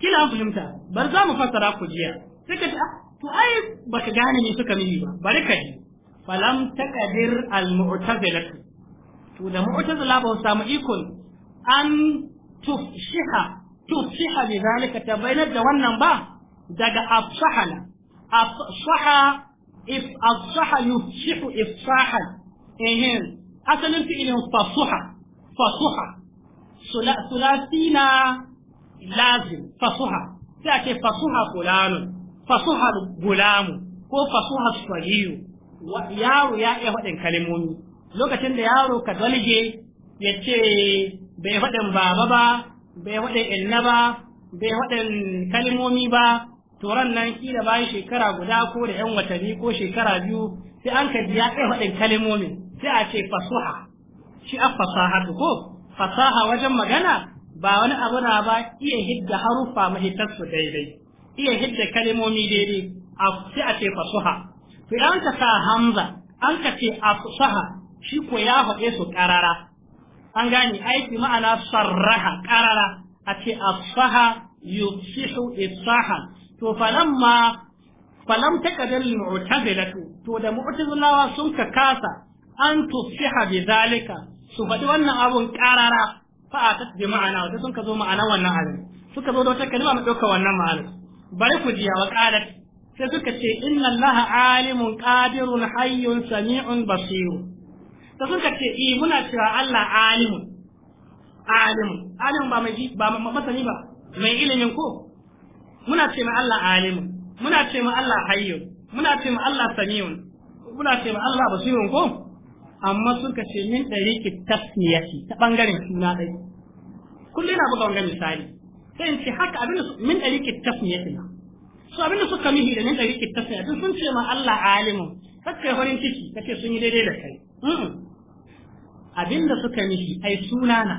Speaker 1: kila an fahimta bar za mu fassara ku jiya suka ce to ai baka gane ni suka mini ba bari ka ji falam taqdir al mu'tazilatu to da mu'tazila ba samu ikon an tufshiha tufshiha bi zalika tabayyana da wannan ba daga afsahala afsaha if afsaha yufshihu ifsahan ehin asalin fi'ilin fasuha fasuha sulasina lazim fasuha sai a ce fasuha fulanun fasuha gulamu ko fasuha sahiyu
Speaker 2: yaro ya iya
Speaker 1: faɗin kalmomi lokacin da yaro ka dalge ya ce bai faɗin baba ba bai faɗin inna ba bai faɗin kalmomi ba turan nan kila bayan shekara guda ko da yan watanni ko shekara biyu sai an ka ji ya iya faɗin kalmomin sai a ce fasuha shi a fasaha ko fasaha wajen magana ba wani abu na ba iya hidda harufa mahitarsu daidai iya hidda kalimomi daidai sai a ce fasuha to an ka sa hamza an ka ce a fasaha shi ko ya faɗe su ƙarara an gane aiki ma'ana sarraha ƙarara a ce a fasaha yufsihu ifsahan to falamma falam takadal mu'tazilatu to da mu'tazilawa sun ka kasa an tusbiha bi zalika su faɗi wannan abun ƙarara fa a ta bi ma'ana wata sun ka zo ma'ana wannan halin suka zo da wata kalma mai ɗauka wannan ma'ana bari ku jiya wa qalat sai suka ce inna allaha alimun qadirun hayyun sami'un basirun sai suka ce eh muna cewa Allah alimun alimun alimun ba mai ba masani ba mai ilimin ko muna ce ma Allah alimun muna ce ma Allah hayyun muna ce ma Allah sami'un muna ce ma Allah basirun ko amma suka ce min ɗari ɗariƙi tasniyati ta ɓangaren suna ɗai kullum na buga wanga misali sai in ce haka abin min ɗari ɗariƙi tasniyati na su abin da suka mihi da min ɗari ɗariƙi tasniyati sun ce ma Allah alimun kakkai farin ciki kace sun yi daidai da kai abin da suka mihi ai suna na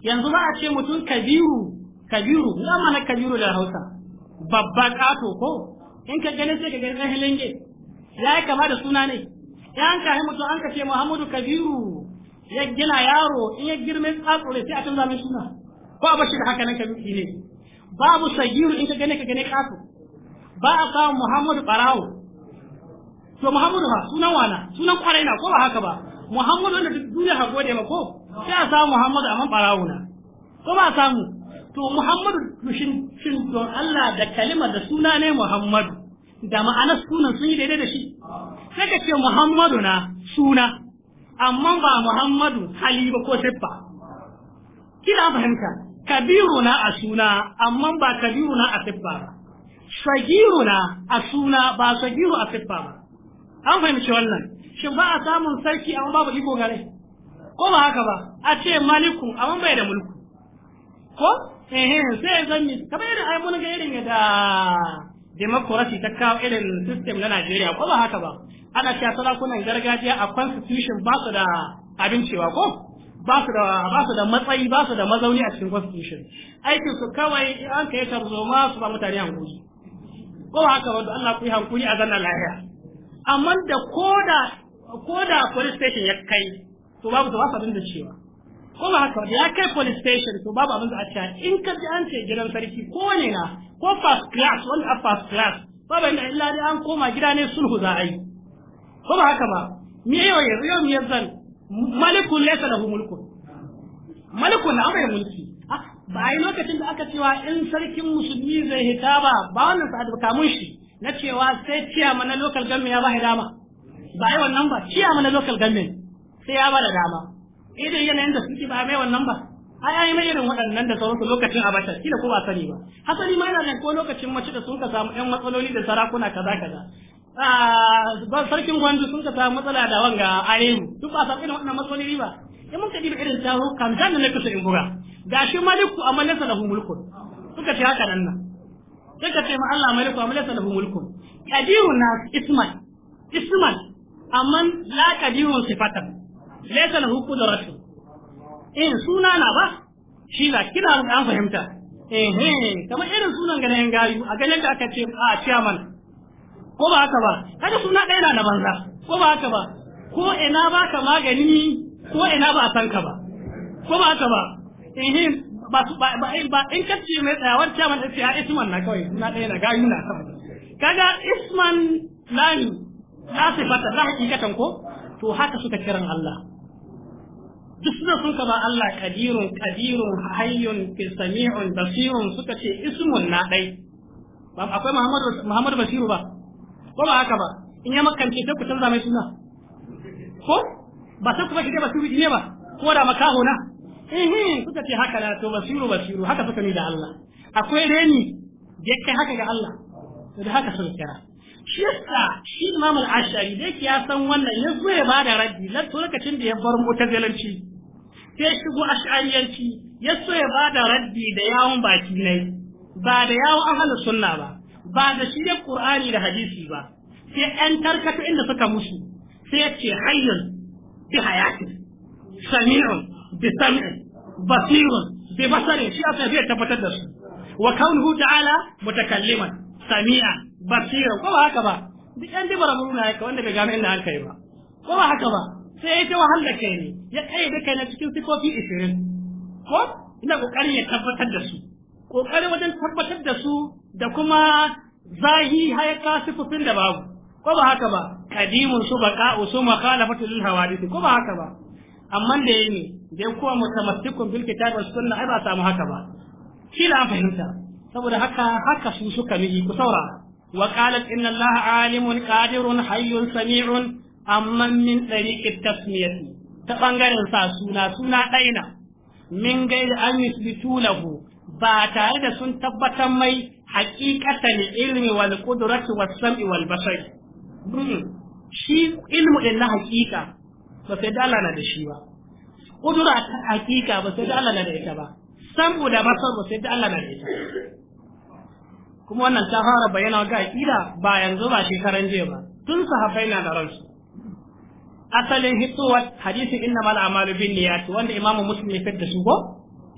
Speaker 1: yanzu ba a ce mutum kabiru kabiru na mana kabiru da hausa babba ƙato ko in ka gani sai ka gani ɗan hilinge ya yi kama da suna ne yan an kayi mutum an ka ce Muhammadu Kabiru ya gina yaro in ya girme tsatsure sai a canza mai suna Ko ba shi da haka nan ka kabiru ne babu sagiru in ka gane ka gane kato ba a samu Muhammadu Barawo to Muhammadu ha sunan wana sunan kwarai na ko ba haka ba Muhammadu wanda duk duniya ha gode ma ko sai a samu Muhammadu amma Barawo na ko ba a samu to Muhammadu shin shin don Allah da kalima da suna ne Muhammadu da ma'anar sunan sun yi daidai da shi sai ka ce muhammadu na suna amma ba muhammadu hali ba ko siffa kina fahimta kabiru na a suna amma ba kabiru na a siffa ba sagiru na a suna ba sagiru a siffa ba an fahimci wannan shin ba a samun sarki amma babu iko gare ko ba haka ba a ce maliku amma bai da mulku ko eh sai zan yi kamar yadda ayyukan mun ga irin da democracy ta kawo irin system na Najeriya ko ba haka ba ana cewa sarakunan gargajiya a constitution ba su da abin cewa ko ba su da ba su da matsayi ba su da mazauni a cikin constitution aikin su kawai an kai ma su ba mutane hankuri ko ba haka ba da Allah ku yi hankuri a zanna lahiya amma da koda koda police station ya kai to babu to ba su abin da cewa ko ba haka ya kai police station to babu abin da a cewa in ka ji an ce gidan sarki ko ne na ko first class wanda a first class ba bai illa dai an koma gida ne sulhu za a yi ko ba haka ba me yau yanzu yau me zan malikun laysa lahu mulkun
Speaker 2: malikun na bai mulki
Speaker 1: ah, ba a yi lokacin da aka cewa in sarkin musulmi zai hita ba ba wannan sa'ad ba kamun shi na cewa sai ciya mana local government ya ba shi dama ba yi wannan ba ciya mana local government sai ya ba da dama idan yanayin da suke ba mai wannan ba ai ai mai irin waɗannan da sauransu lokacin abasha kila ko ba sani ba hasali ma yana ko lokacin mace da sun ka samu ƴan matsaloli da sarakuna kaza kaza ah, ba sarkin gwandu sun ka samu matsala da wanga a arewu duk ba samu irin waɗannan matsaloli ba in mun ka dibi irin taro kan zan na kusa in buga Ga shi maliku amma laysa da mulkun suka ce haka nan nan sai ka ce ma Allah maliku amma laysa da mulkun kadiru na isman isman amma la kadirun sifatan laysa lahu qudratu in eh, suna na ba shi na kina an fahimta eh eh kamar irin sunan ga nan gayu a ganin da aka ce a ah, chairman ko ba haka ba kada suna ɗaya na banza ko ba haka ba ko ina ba ka magani ko ina ba san ka ba ko ba haka ba eh, eh ba ba ba in kace mai tsayawar chairman da ya isman na kawai suna ɗaya na gayu na kawai kaga isman lani na sifata da hakikatan ko to haka suka kiran Allah duk sun kama Allah kadirun kadirun hayyun sami'un basirun suka ce ismun na dai ba akwai Muhammadu Muhammad Basiru ba ko ba haka ba in ya makance sai ku canza mai suna ko ba sai ku ba Basiru ne ba ko da makaho na eh suka ce haka na to Basiru Basiru haka suka ni da Allah akwai reni da kai haka ga Allah to da haka sun kira shi yasa shi imam al-ashari da yake ya san wannan ya zo ya bada raddi na lokacin da ya bar mutazilanci sai shigo ash'ariyanci ya so ya bada raddi da yawon baki ne ba da yawon ahlus sunna ba ba da shi da qur'ani da hadisi ba sai yan tarkata inda suka musu sai ya ce hayyun bi hayati sami'un bi sam'in basirun bi basarin shi aka zai tabbatar da su wa kaunuhu ta'ala mutakalliman sami'an basira ko ba haka ba duk yan dibara mun na wanda bai gama inda aka yi ba ko ba haka ba sai ya ta wahala kai ne ya kai da kai na cikin sifofi isirin. ko ina kokarin ya tabbatar da su kokarin wajen tabbatar da su da kuma zahi hayaka sifofin da babu ko ba haka ba kadimun su baka su makhalafatu lil hawadith ko ba haka ba amma da yayi dai kuwa mutamassikun bil kitab was sunna ai ba samu haka ba kila an fahimta saboda haka haka su suka miji ku saurara وقالت إن الله عالم قادر حي سميع أما من طريق التسمية تبنغر ساسونا سونا أين من غير أن يثبتوا له باتارد سن تبتا مي حقيقة العلم والقدرة والسمع والبصر shi ilmu din na hakika ba sai da Allah na da shi ba kudura ta hakika ba sai da Allah na da ita ba samu da basar ba sai da Allah na da ita kuma wannan ta fara bayyana ga aqida ba yanzu ba shekaran jiya ba tun sahabbai na da ransu asalin hitowar hadisin mal a'malu niyyat wanda imamu muslim ya fitar su ko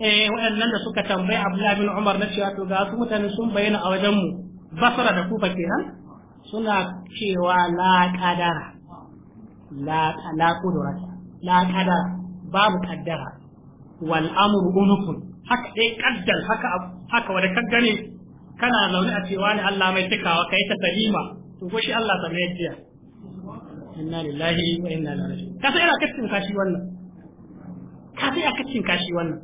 Speaker 1: eh waɗannan da suka tambayi Abdullahi bin Umar na cewa to ga su mutane sun bayyana a wajen mu Basra da Kufa kenan suna cewa la kadara la la kudurata la kadara babu kaddara wal amru unufun haka dai kaddal haka haka wanda ka gane kana zaune a cewa ne Allah mai cikawa kai ta salima to ko shi Allah samme jiya inna lillahi wa inna ilaihi raji'un ka ina kacin kashi wannan ka sai a kacin kashi wannan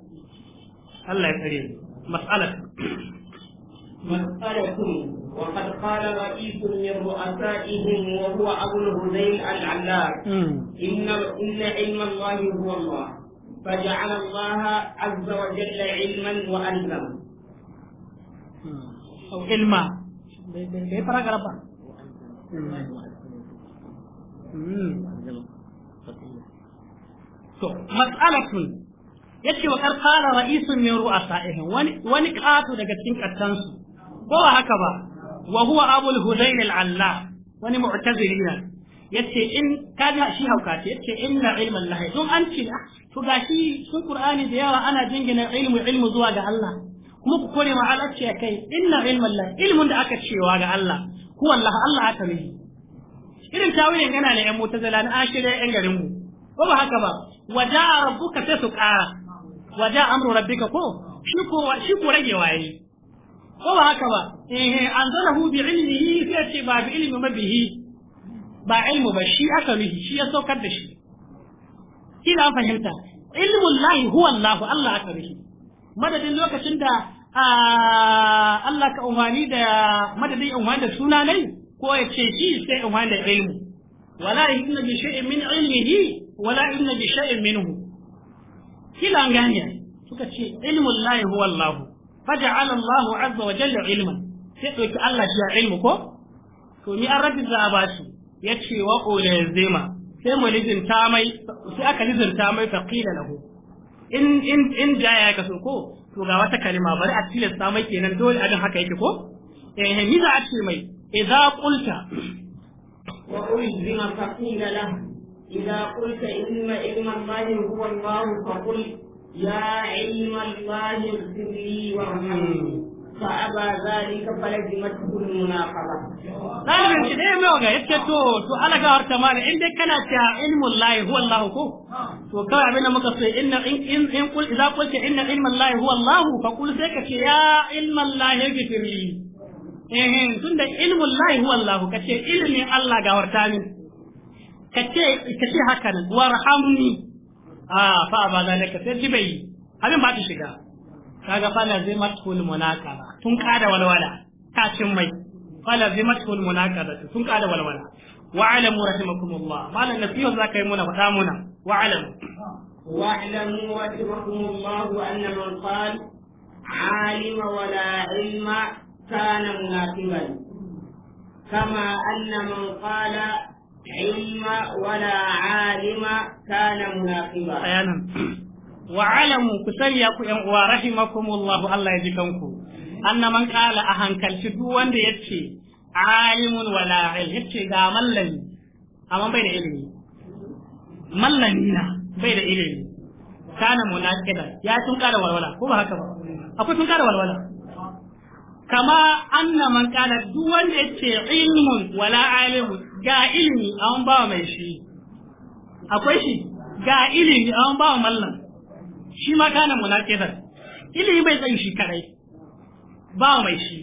Speaker 1: Allah ya tsare mas'alat
Speaker 2: mas'alatu وقد قال رئيس من رؤسائهم وهو أبو الهذيل العلار إن إن علم الله هو الله فجعل الله عز وجل علما وألما أو علما
Speaker 1: بيفرق ربا to mas'alatun daga cikin kattansu ko ba haka ba wa huwa abul hudayn yace in shi hauka ce yace inna ilma don an ce ah, to qur'ani da yawa ana jingina ilmu ilmu zuwa ga allah kuma ku kore ma halacci kai inna ilmin Allah ilmin da aka cewa ga Allah ku wallahi Allah aka nufi irin tawilin yana ne yan mutazala na ashira yan garin mu ko ba haka ba waja'a rabbuka sai su ƙara waja'a amru rabbika ko shi ko shi ko rage waye ko ba haka ba eh an zara hu bi ilmihi sai ce ba bi ilmi mabihi ba ilmu ba shi aka nuhi shi ya saukar da shi kila fahimta ilmun lahi huwa Allah Allah aka nuhi madadin lokacin da Allah ka umarni da madadin umarni da suna nai ko ya ce shi sai umarni da ilmu wala inna bi shay'in min ilmihi wala inna bi shay'in minhu kila an gane suka ce ilmu Allah huwa Allah faja'ala Allah azza wa jalla ilman sai dauki Allah shi ilmu ko to ni an rabbi za ba shi yace wa ulazima sai mu lizinta mai sai aka lizinta mai faqila lahu in in in jaya ka so ko to ga wata kalma bari a tilasta mai kenan dole abin haka yake ko eh ni za a ce mai idza qulta
Speaker 2: wa ulzima faqila la idza qulta inna ilma allahi huwa allah faqul ya ilma allahi zidni wa فأبى ذلك فلزمته المناقضة ɗalibin shi ɗaya
Speaker 1: mai waga yace to to alaga har tamani in dai kana cewa ilmul lahi huwa Allah ko to kawai abinda muka so inna in in kul idza qulta inna ilmal lahi huwa Allah fa sai ka ce ya ilmal lahi gifirli eh tunda ilmul lahi huwa Allah ka ce ilmin Allah ga warta ka ce ka ce haka nan warhamni ah fa ba abin ba ta shiga kaga fala zai matul munakara tun kada walwala ta cin mai fala zai matul munakara tun kada walwala wa alamu rahimakumullah malan nasiha zaka yi muna faɗa muna
Speaker 2: wa alamu wa alamu rahimakumullah anna man qala alima wala ilma kana munafiqan كما أن من قال علم ولا عالم كان منافقا wa alamu ku sani
Speaker 1: ya ku yan uwa rahimakumullahu Allah ya ji kanku anna man qala a hankalci duk wanda yace alimun wala ilm yace ga mallami amma bai da ilimi mallami na bai da ilimi kana munafiqan ya tun kada walwala ko ba haka ba akwai tun kada walwala kama anna man qala duk wanda yace ilmun wala alimun ga ilimi an ba mai shi akwai shi ga ilimi an ba mallam shi ma kana munaqidan ilimi bai san shi kadai ba mai shi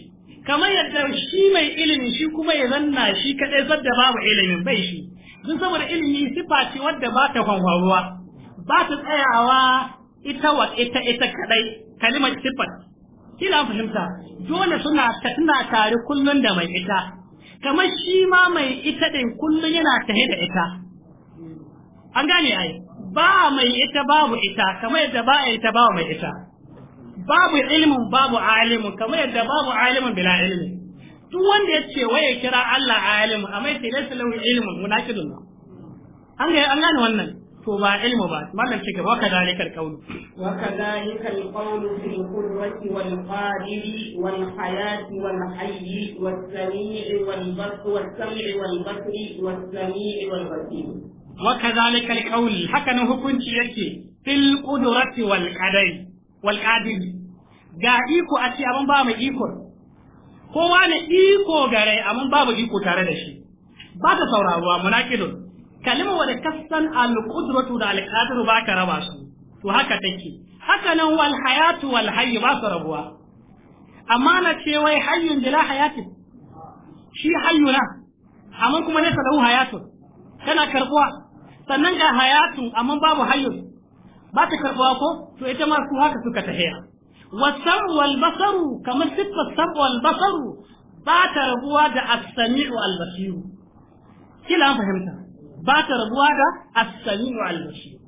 Speaker 1: kamar yadda shi mai ilimi shi kuma ya zanna shi kadai zadda babu ilimin bai shi dun saboda ilimi sifa ce wadda ba ta kwankwaruwa ba ta tsayawa ita wa ita ita kadai kalimar sifat kila fahimta dole suna tana tare kullun da mai ita kamar shi ma mai ita din kullun yana tare da ita an gane ai ba mai ita babu ita kamar yadda ba ita babu mai ita babu ilmin babu alimu, kamar yadda babu alimin bila ilmi duk wanda ya ce waye kira Allah alimu amma ya ce laysa lahu ilmun munakidun an ga an gane wannan to ba ilmu ba mallam ce gaba waka dane kal kaulu
Speaker 2: wa kadhalika al qawlu fil qurrati wal qadiri wal hayati wal hayyi was sami'i wal basri wal sami'i wal basri was sami'i wal basir
Speaker 1: wa kadhalika al-qawl haka nan hukunci yake fil qudrati wal ga iko a ce abin ba mu iko kowa ne iko gare amma babu iko tare da shi ba ta sauraruwa munaqidun kalmar wadda kasan al-qudratu da al-qadiru ba ka raba su to haka take haka nan wal hayatu ba su rabuwa wai shi hayyuna kuma ne lahu karbuwa sannan ga hayatun amma babu hayyun ba ta karbuwa ko to ita ma su haka suka tahiya wasam wal basaru kamar sifar sam wal basaru ba ta rabuwa da as-sami'u al basiru kila an fahimta ba ta rabuwa da as-sami'u al basiru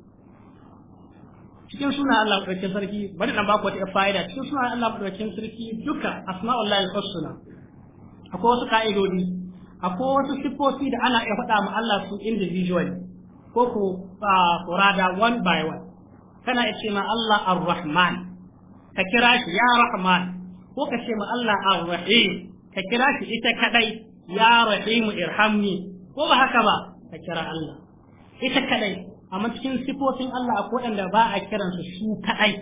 Speaker 1: cikin suna Allah madaukakin sarki bari dan baku wata fa'ida cikin suna Allah madaukakin sarki duka asma'ullahi al-husna akwai wasu ka'idodi akwai wasu sifofi da ana iya faɗa ma Allah su individually ko ku furada one by one kana ce ma Allah ar-Rahman ka kira shi ya Rahman ko ka ce ma Allah ar-Rahim ka kira shi ita kadai ya Rahim irhamni ko ba haka ba ka kira Allah ita kadai amma cikin sifofin Allah akwai waɗanda ba a kiransu su kadai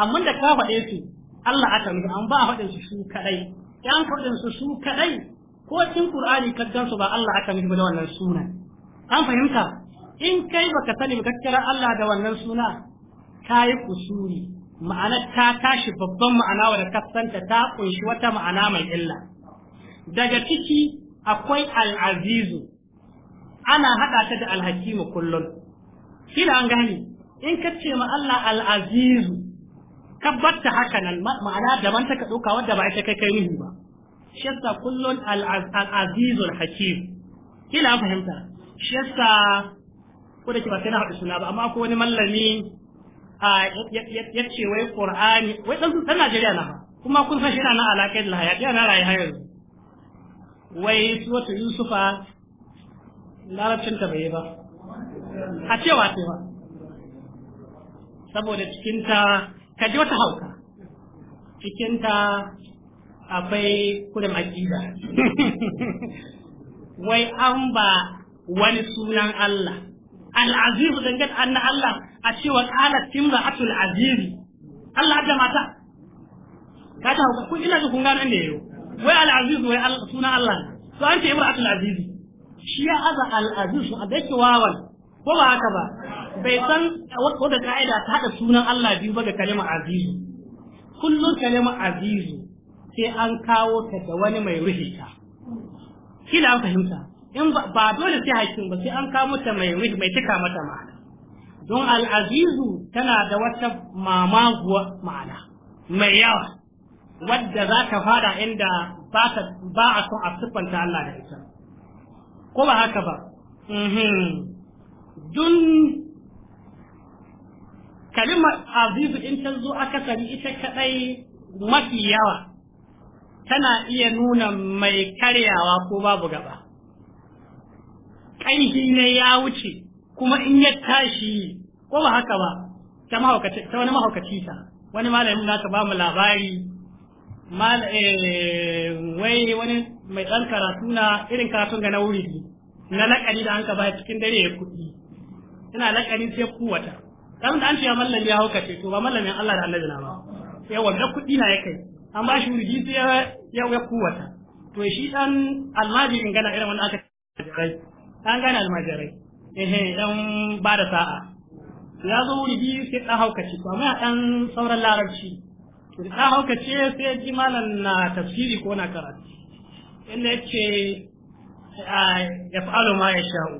Speaker 1: amma da ka faɗe su Allah aka nufi amma ba a faɗin su su kadai yan faɗin su su kadai ko cikin Qur'ani kaddan su ba Allah aka nufi da wannan sunan an fahimta in kai baka sani ba kira Allah da wannan suna yi kusuri ma'ana ta tashi babban ma'ana wadda kasanta ta kunshi wata ma'ana mai illa daga ciki akwai al'azizu ana haɗa ta da alhakimu kullum shi da an gani in ka ce ma Allah al'azizu kabbatta haka nan ma'ana daban ta ka ɗauka wadda ba ita kai kai yi ba shi yasa kullum al'azizul hakim kila fahimta shi yasa ko da ke ba sai na haɗu suna ba amma ko wani mallami ya ce wai Qur'ani wai dan dan Najeriya na kuma kun san shi na alaƙar lahaya yana rayu har yanzu wai suwatu Yusufa larabcin ta bai ba a cewa ce ba saboda cikin ta kaji wata hauka cikin ta akwai kudin aƙida wai an ba wani sunan Allah al'azizu dangan anna Allah a cewa qalat timra'atul azizi Allah da mata ka ta hauka kun ina kun gano ne yau wai al'azizu wai suna Allah to an ce imra'atul azizi shi ya aza al'azizu a dake wawan ko ba haka ba bai san wata ka'ida ta haɗa sunan Allah biyu ba da kalima azizu Kullum kalima azizu sai an kawo ta da wani mai ruhita kila an fahimta in ba dole sai hakim ba sai an kawo mata mai wih mai cika mata ma'ana don al'azizu tana da wata mamaguwa ma'ana mai yawa wadda za ka fara inda ba a son a siffanta Allah da ita ko ba haka ba mhm. dun kalimar azizu in ta zo akasari ita kadai mafi yawa tana iya nuna mai karyawa ko babu gaba ƙarfi ne ya wuce kuma in ya tashi ko ba haka ba ta mahaukaci ta wani mahaukaci ta wani malamin nasa ba mu labari eh, wai wani mai ɗan karatu na irin karatun ga na wuri na lakari da an ka ba cikin dare ya kuɗi ina lakari sai kuwata dan da an ce mallami ya haukace to ba mallamin Allah da Annabi na ba yawa da kuɗi na ya kai an ba shi wuri sai ya ya kuwata to shi dan almaji in gana irin wani aka an gane almajirai ehe dan ba da sa'a ya zo wuri biyu sai dan haukaci to amma dan sauran larabci to dan haukaci sai ji malam na tafsiri ko na karatu inda yace ya fa'alo ma ya sha'u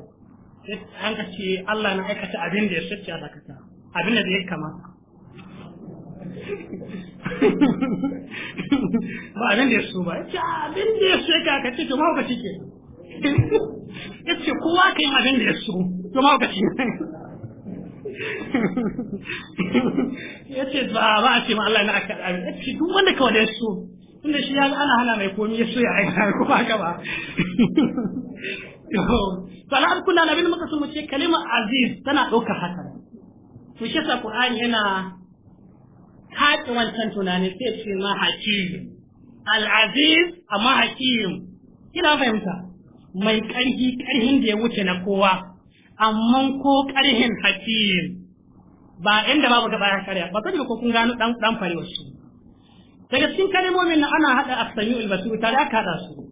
Speaker 1: an ka ce Allah na aikata abin da ya sace a dakata abin da ya kamata ba abin da ya so ba ya
Speaker 2: ce abin da ya
Speaker 1: sace ya kakace to ma haukaci ke yace kowa kai abin da ya so to ma ka ce yace ba ba a ce ma Allah na aka yace duk wanda ka da ya so tunda shi ya ana hana mai komi ya so ya aika ko ba ka ba to al'ad na nabin maka so ce kalima aziz tana ɗaukar haka to shi sa qur'ani yana kaɗe wancan tunani sai ce ma hakim al-aziz amma hakim kina fahimta mai ƙarfi ƙarhin da ya wuce na kowa amma ko ƙarhin hakim ba inda babu gaba ya karya ba sani ko kun gano dan dan fare wasu daga cikin kalmomin na ana hada as-sami'ul basiru tare aka hada su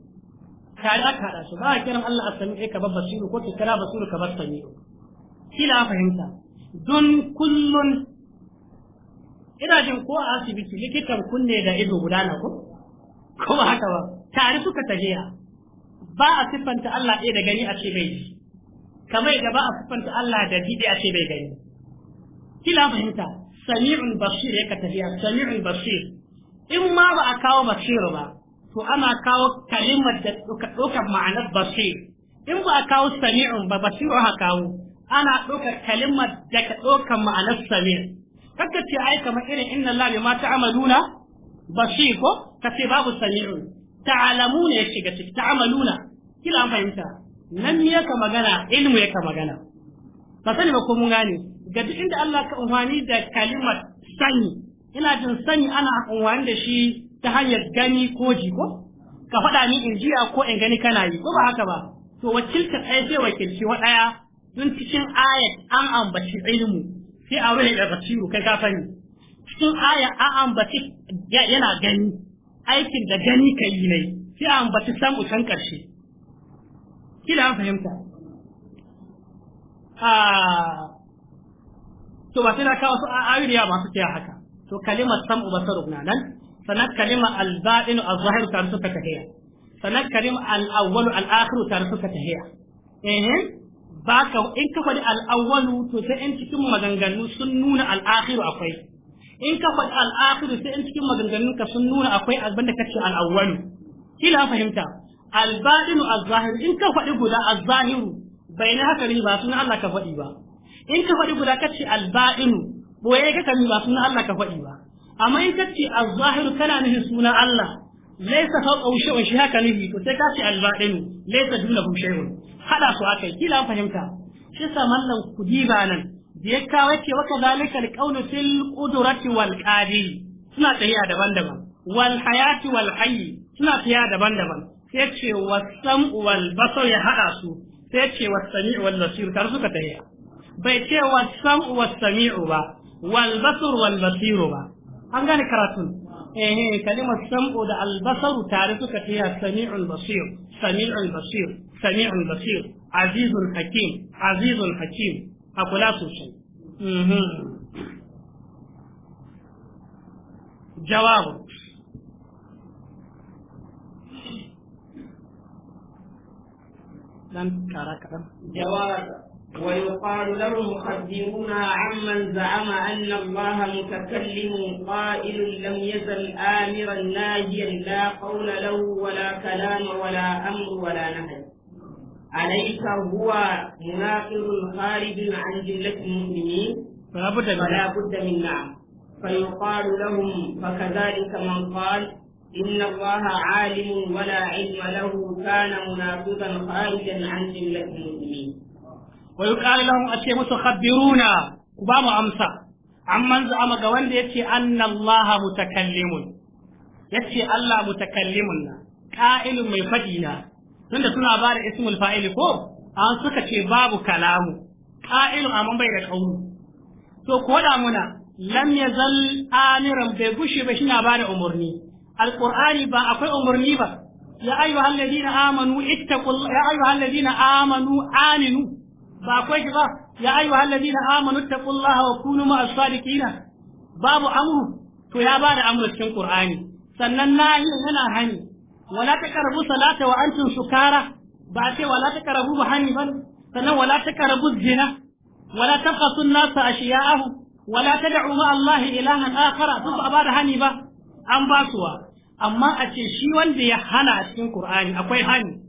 Speaker 1: tare aka hada su ba a kiran Allah as ka bar basiru ko ki kira basiru ka bar sami. kila fahimta don kullun ina jin ko a asibiti likitan kunne da ido guda na ko ko ba haka ba tare suka tafiya ba a siffanta Allah ɗaya da gani a ce bai ji kamar da ba a siffanta Allah da ji a ce bai gani kila fahimta sami'un basir ya ka sami'un basir in ma ba a kawo basir ba to ana kawo kalimar da ɗaukar ma'anar basir in ba a kawo sami'un ba basiru aka kawo ana ɗaukar kalimar da ka ɗaukar ma'anar sami' kakka ce ai kamar irin inna Allah bima ta'amaluna basir ko ka kace babu sami'un ta'alamuna ya shiga ciki ta'amaluna kila an fahimta nan ya ka magana ilmu ya ka magana ba sani ba ko mun gane ga duk inda Allah ka umfani da kalimar sani ina jin sani ana umfani da shi ta hanyar gani ko ji ko ka faɗa ni in jiya ko in gani kana yi ko ba haka ba to wakilta ɗaya sai wakilci wa ɗaya tun cikin aya an ambaci ilmu sai a rufe da basiru kai ka sani cikin aya an ambaci yana gani aikin da gani ka yi ne sai a ambaci samu can ƙarshe kila an fahimta ah, to ba sai na kawo su ayoyi ba su ce haka to kalimar sam'u na nan sannan kalima al bain al zahir ta rusu ta tahiya sannan kalim akhir ta tare ta tahiya eh ba ka in ka faɗi al-awwal to sai in cikin maganganu sun nuna al al-akhir akwai in ka faɗi al-akhir sai in cikin maganganun ka sun nuna akwai abin da al awwal kila fahimta albaɗinu azzahir in ka faɗi guda azzahiru bai na haka ba sunan Allah ka faɗi ba in ka faɗi guda ka ce albaɗinu boye ka kami ba sunan Allah ka faɗi ba amma in ka kace azzahiru kana nufin suna Allah sa laisa fawqahu shay'un shi haka nufi to sai ka ce albaɗinu laisa dunahu shay'un hada su akai kila an fahimta shi sa mallan kudiba nan da ya kawo ce waka zalika alqawlu fil qudrati wal qadiri suna tsayiya daban-daban wal hayati wal hayy suna tsayiya daban-daban sai ce wasan wal ya haɗa su sai ce wasami wal basir kar suka tahiya bai ce wasan wasami ba wal basar wal basir ba an gane karatun eh eh kalimar sam'u da al basar tare suka tahiya sami'ul basir sami'ul basir sami'ul basir azizul hakim azizul hakim a kula sosai mhm. jawabu dan kara kadan jawab wa
Speaker 2: yuqalu lahu muqaddimuna amman za'ama anna allaha mutakallimu qailun lam yazal amiran nahiyan la qawla lahu kalama wa la amru wa la nahy أليس هو مناقض خارج عن جملة المؤمنين؟ فلا بد من نعم فيقال لهم فكذلك من قال إن الله عالم ولا علم له كان منافقا خارجا عن ملة المسلمين ويقال
Speaker 1: لهم أشياء متخبرونا كبام أمسى عمن زعم قوان يتي أن الله متكلم يتي الله متكلم قائل من فدينا tunda suna ba da ismul fa'ili ko an suka ce babu kalamu qa'ilu amma bai da kaulu to ko da muna lam yazal amiran bai gushe ba shi na ba da umarni Alƙur'ani ba akwai umarni ba ya ayyuhal ladina amanu ittaqul amanu aminu ba wa kunu ma'as sadiqina babu amru to ya bada amru cikin qur'ani sannan nahi yana hani wala taqrabu salata wa antum sukara ba ce wala taqrabu hani ba sannan wala taqrabu zina wala tabqasu an-nasa ashiya'ahu wala tad'u ma'a allahi ilahan akhara duk ba da hani ba an ba suwa amma a ce shi wanda ya hana a cikin Qur'ani akwai hani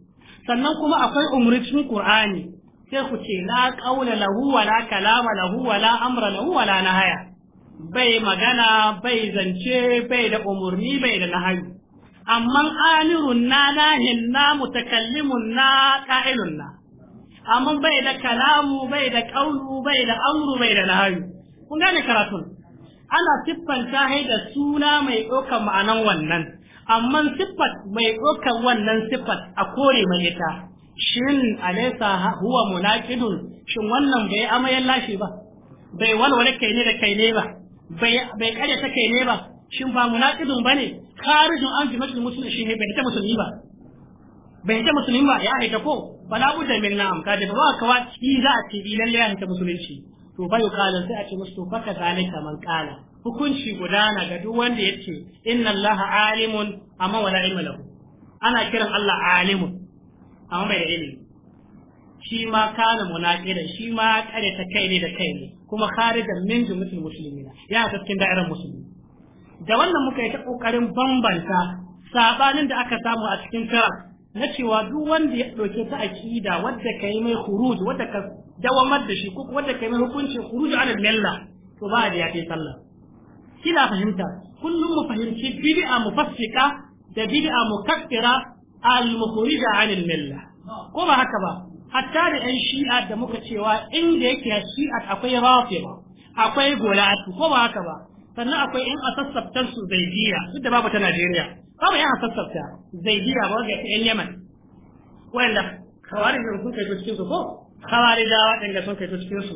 Speaker 1: sannan kuma akwai umri cikin Qur'ani sai ku ce la qawla lahu wa la kalama lahu wa la amra lahu wa la nahaya bai magana bai zance bai da umurni bai da nahayi amma alirun na nahin na mutakallimun na qa'ilun na amma bai da kalamu bai da qawlu bai da amru bai da nahayi kun gane karatun ana siffanta hai da suna mai ɗaukar ma'anan wannan amma siffat mai ɗaukar wannan siffat a kore mai ita shin alaysa huwa munaqidun shin wannan bai amayan lashi ba bai walwala kai ne da kai ne ba bai kare ta kai ne ba shin ba munaqidun bane kharijun an jimatul muslimin shi ne bai ta musulmi ba bai ta musulmi ba ya haita ko bala budda min na'am kaje ba ka wa shi za a bi lalle ya ta musulunci to bai kala sai a ce musu to faka zalika man kala hukunci gudana ga duk wanda yace inna allaha alimun amma wala ilma lahu ana kiran Allah alimun amma bai da ilimi shi ma kana munaqidan shi ma kare ta kai ne da kai ne kuma kharijan min jumlatil muslimina ya ta cikin da'irar musulmi da wannan muka yi ta kokarin bambanta sabanin da aka samu a cikin karas na cewa duk wanda ya ɗauke ta aƙida wadda ka yi mai huruj wadda ka dawamar da shi ko wanda kai mai hukuncin khuruj ala milla to ba da ya kai sallah kina fahimta kullum mu fahimci bid'a mufassika da bid'a mukaffira al mukhrija ala milla ko ba haka ba hatta da yan shi'a da muka cewa inda yake shi'a akwai rafida akwai golatu ko ba haka ba sannan akwai in asassabtar su zaidiya duk da babu ta Najeriya babu yan asassabta zaidiya ba wanda yake yan Yemen wanda kawarin da kai yi cikin su ko khawarijawa ɗin da sun kai cikin su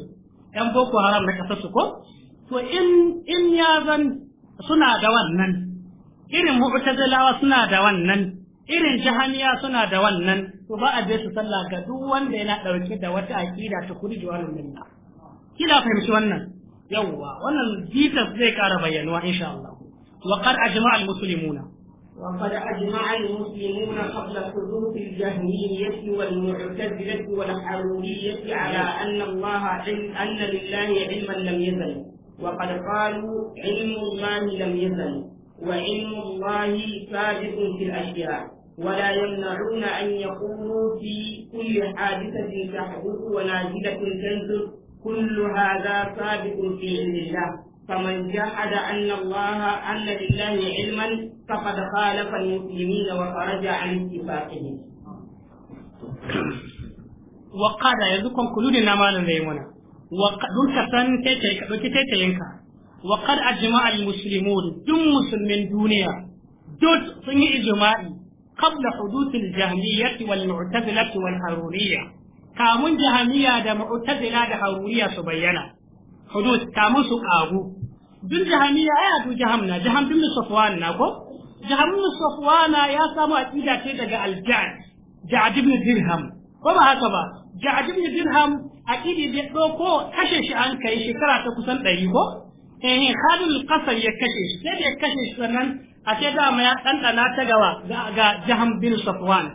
Speaker 1: yan boko haram na ƙasar su ko to in in ya zan suna da wannan irin mu'tazilawa suna da wannan irin jahaniya suna da wannan to ba a je su sallah ga duk wanda yana ɗauke da wata aqida ta kurji wa minna kila fahimci wannan yawwa wannan jitas zai ƙara bayyanuwa insha Allah wa qad ajma'a al-muslimuna
Speaker 2: وقد أجمع المسلمون قبل حدوث الجهمية والمعتزلة والحرورية على أن الله أن لله علما لم يزل وقد قالوا علم الله لم يزل وعلم الله ثابت في الأشياء ولا يمنعون أن يقولوا في كل حادثة تحدث ونازلة تنزل كل هذا ثابت في علم الله فمن جحد أن الله أن لله علما فقد خالف المسلمين وخرج عن اتفاقهم
Speaker 1: وقد يذكم كلودي نمال ميمونة وقد كسان تيتينكا وقد أجمع المسلمون دم مسلمين دنيا دوت سنة إجماعي قبل حدوث الجهمية والمعتزلة والهارونية كامون جهمية دا معتزلة دا هارونية سبينا hudud ta musu kagu duk jahamiya ai a duk jaham na jaham bin safwan na ko jaham bin safwan ya samu aqida ce daga al-ja'd ibn dirham ko ba haka ba ja'd ibn dirham aqidi da doko kashe shi an kai shekara ta kusan 100 ko eh Khalid al-Qasar ya kashe shi sai ya kashe shi sannan a ce da ma ya dandana ta gawa ga jaham bin safwan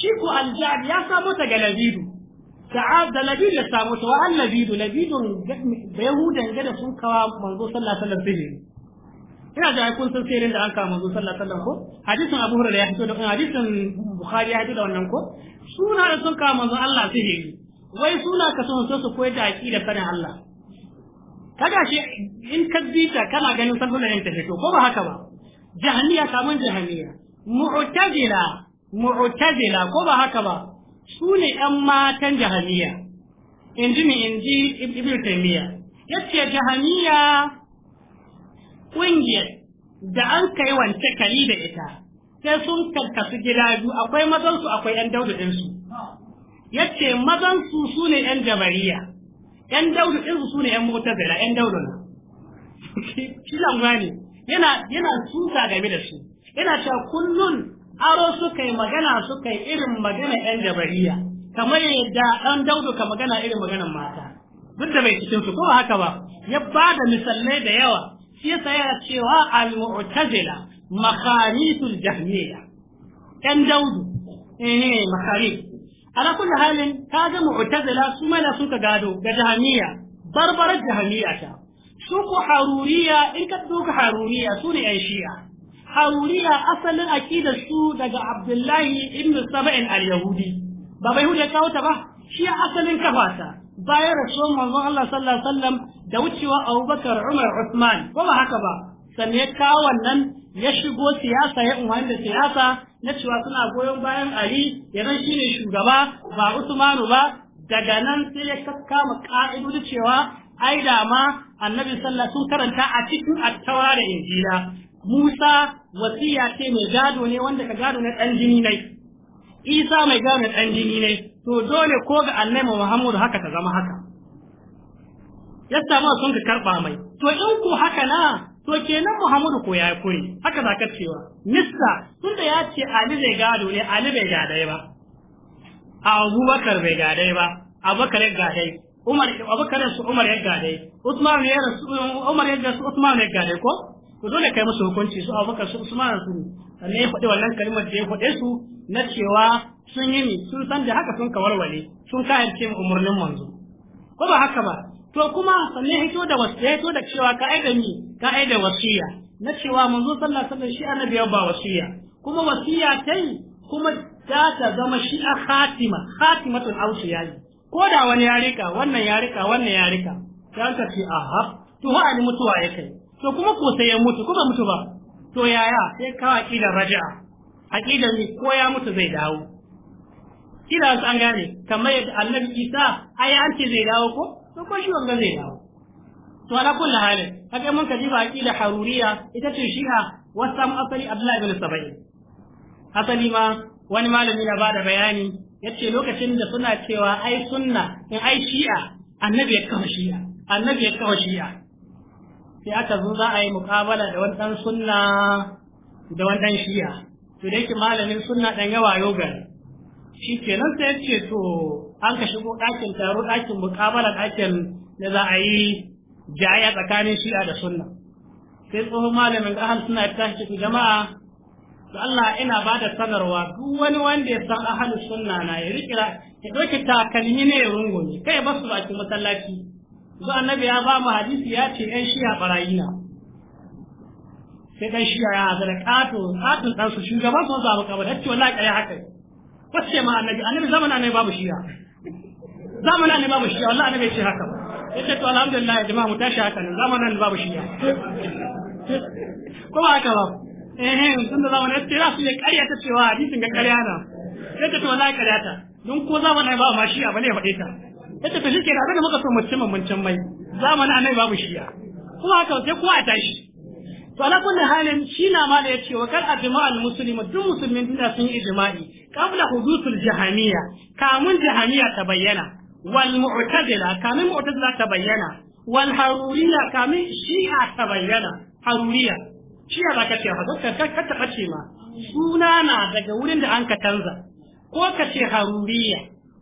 Speaker 1: shi ko al ya samu ta ga da labidu ya samu ta wa'an labidu labidun da yahudan gada sun kawa manzo sallallahu alaihi wasallam ina da kun san sirrin da an kawo manzo sallallahu alaihi ko hadisin abu hurairah ya fito da hadisin bukhari ya fito da wannan ko suna da sun kawo manzo Allah sihiri wai suna ka son so su koyar da aqida sanin Allah kaga shi in ka bita kana ganin sallallahu alaihi wasallam ko ba haka ba jahaniya kaman jahaniya mu'tazila mu'tazila ko ba haka ba su ne ‘yan matan jahaniya in ji ni in ji ibn taimiyya ya ce jahaniya ƙungiyar da an kai wance kali da ita sai sun karkasu gida biyu akwai mazansu akwai ‘yan daudu ɗinsu ya ce mazansu su ne ‘yan jabariya ‘yan daudu ɗinsu su ne ‘yan Zira, ‘yan daudu na shi ne yana yana suka game da su yana cewa kullun aro suka yi magana suka yi irin magana yan jabariya kamar yadda ɗan daudu ka magana irin maganan mata duk da bai cikin su ko haka ba ya ba da misalai da yawa shi yasa yana cewa al-mu'tazila makharitul jahmiya yan daudu eh makharij ala kulli halin kaga mu'tazila su mana suka gado ga jahmiya barbarar jahmiya ta su ku haruriya in ka duka haruriya su ne yan shi'a haruriya asalin aqidar su daga abdullahi ibn saba'in al-yahudi ba bai hude kawo ta ba shi asalin kafata bayan rasuwan manzon Allah sallallahu alaihi wasallam da wucewa Abubakar Umar Uthman ko ba haka ba sannan ya kawo wannan ya shigo siyasa ya umarni da siyasa na cewa suna goyon bayan Ali ya zan shine shugaba ba Usmanu ba daga nan sai ya kakkama ka'idoji cewa ai da ma annabi sallallahu sun karanta a cikin attaura da injila Musa wasiya ce mai gado ne wanda ka gado na ɗan jini ne isa mai gado na ɗan jini ne to dole ko ga annabi muhammadu haka ta zama haka ya samu sun ka karɓa mai to in ko haka na to kenan muhammadu ko ya kuri haka za ka cewa tun da ya ce ali bai gado ne ali bai gadai ba A abubakar bai gadai ba abubakar ya gadai umar abubakar su umar ya gadai usman ya rasu umar ya rasu usman ya gadai ko ku dole kai musu hukunci su abubakar su usman su sannan ya faɗi wannan kalmar da ya faɗe su na cewa sun yi ni sun san da haka sun kawarware sun kayance umarnin manzo ko ba haka ba to kuma sannan hito da wasu ya hito da cewa ka aida ni ka aida wasiya na cewa manzo sallallahu alaihi wasallam shi annabi ya ba wasiya kuma wasiya yi, kuma za ta zama shi a khatima khatimatul awsiya ko da wani ya rika wannan ya rika wannan ya rika sai ka a aha to wa'ani mutuwa ya kai to kuma ko sai ya mutu kuma mutu ba to yaya sai kawo aqidar raja'a aqidar ne ko ya mutu zai dawo kila an gane kamar yadda annabi Isa ai an ce zai dawo ko to ko shi wanga zai dawo to ala kulli halin kaga mun kaji ba aqida haruriya ita ce shi'a wasu asali Abdullahi bin Sabai asali ma wani malami na bada bayani yace lokacin da suna cewa ai sunna in ai shi'a annabi ya kawo shi'a annabi ya kawo shi'a sai aka zo za a yi mukabala da wani dan sunna da wani shi'a to dai malamin sunna dan yawa yogar shi kenan sai ce to an ka shigo ɗakin taro ɗakin mukabala ɗakin da za a yi jaya tsakanin shi'a da sunna sai tsohon malamin ahal suna tashi ku jama'a to Allah ina ba da sanarwa duk wani wanda ya san ahal sunna na ya rikira ya ɗauki takalmi ne ya rungume kai ba su bakin masallaci zuwa annabi ya ba mu hadisi ya ce ɗan shiya barayi na sai ɗan shiya ya zara ƙato ƙaton ɗansu shugaban sun zaɓi kamar ya ce wallahi ƙarya haka kwace ma annabi annabi zamana annabi babu shiya zamana annabi babu shiya wallahi annabi ya ce haka ya ce to alhamdulillah jama'a mu tashi haka ne zamana annabi babu shiya ko ba haka ba eh sun da zamana ya ce za su ne ƙarya ta cewa hadisin ga ƙarya na sai ta to wallahi ƙarya ta don ko zamana ba ma shiya ba ne ya faɗe ta yadda to shike da muka so mace mamancin mai zamanin annabi babu shiya kuma haka sai kowa a tashi to ala kulli halin shi na ma da yace wa kal ajma'al muslimu dun musulmin da sun yi ijma'i qabla hudusul jahamiyya kamun jahamiyya ta bayyana wal mu'tazila kamun mu'tazila ta bayyana wal haruriyya kamun shi'a ta bayyana haruriyya shi'a ba ka ce haka ka ta bace ma suna na daga wurin da an ka canza ko ka ce haruriyya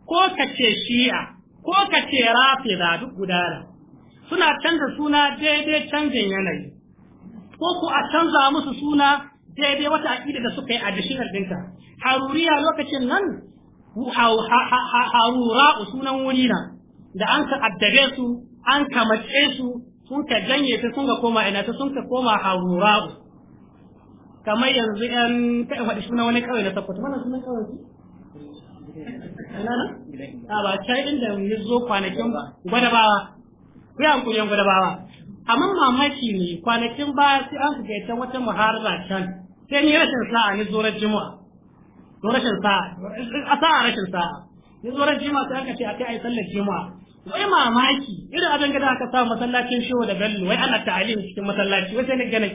Speaker 1: ko ka ce shi'a ko ka ce rafida duk gudana suna canza suna daidai canjin yanayi ko ku a canza musu suna daidai wata aƙida da suka yi a dashirar ɗinta haruriya lokacin nan harura sunan wuri na da an ka addabe su an ka mace su sun ka janye ta sun ka koma ina ta sun ka koma harura kamar yanzu yan ta'in faɗi suna wani kawai na sakkwato mana
Speaker 2: sunan kawai a
Speaker 1: ba can inda ya zo kwanakin gwadabawa ya hankuri yan gwadabawa amma mamaki ne kwanakin ba sai an ga ta wata muharara can sai ni rashin sa'a ni zo juma'a zo rashin sa'a a sa'a rashin sa'a ni zo juma'a sai aka ce a kai ai sallar juma'a wai mamaki irin abin gada aka samu masallacin shehu da bello wai ana ta'alim cikin masallaci wai sai ni gane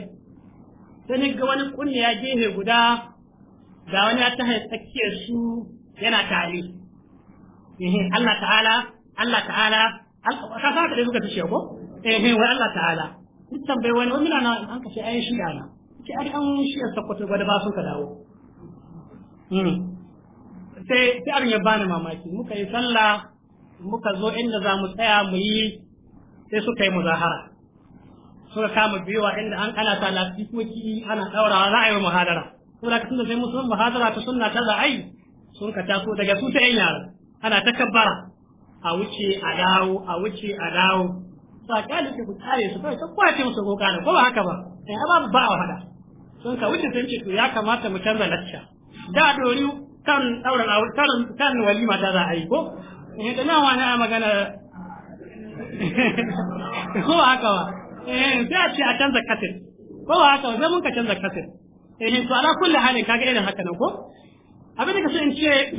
Speaker 1: sai ni ga wani kunni ya gehe guda ga wani ya ta haifakiyar su yana tare eh Allah ta'ala Allah ta'ala ka sa ka da suka tashi ko eh wai Allah ta'ala duk tambayi wani wani na an kashe ayi shi da na ce ai an shi a sakwato gwada ba sun ka dawo hmm. sai sai abin ya bani mamaki muka yi sallah muka zo inda za mu tsaya mu yi sai suka yi muzahara suka kama biyuwa inda an kana ta lafi ana ki za a yi muhadara saboda da tunda sai musulun muhadara ta sunna ta za sun ka taso daga su ta yan yara ana ta kabbara a wuce a dawo a wuce a dawo ba kali ce ku tare su kai ta kwace musu ko kana ko ba haka ba sai eh, ba ba wa hada sun ka wuce sun ce to ya kamata mu canza lacca da dori kan dauran kan kan walima ta za a yi ko eh da wani a magana ko haka ba eh sai a ce a canza kasir ko haka ba sai mun ka canza kasir eh to ala kulli halin kaga irin haka nan ko abin da ka in ce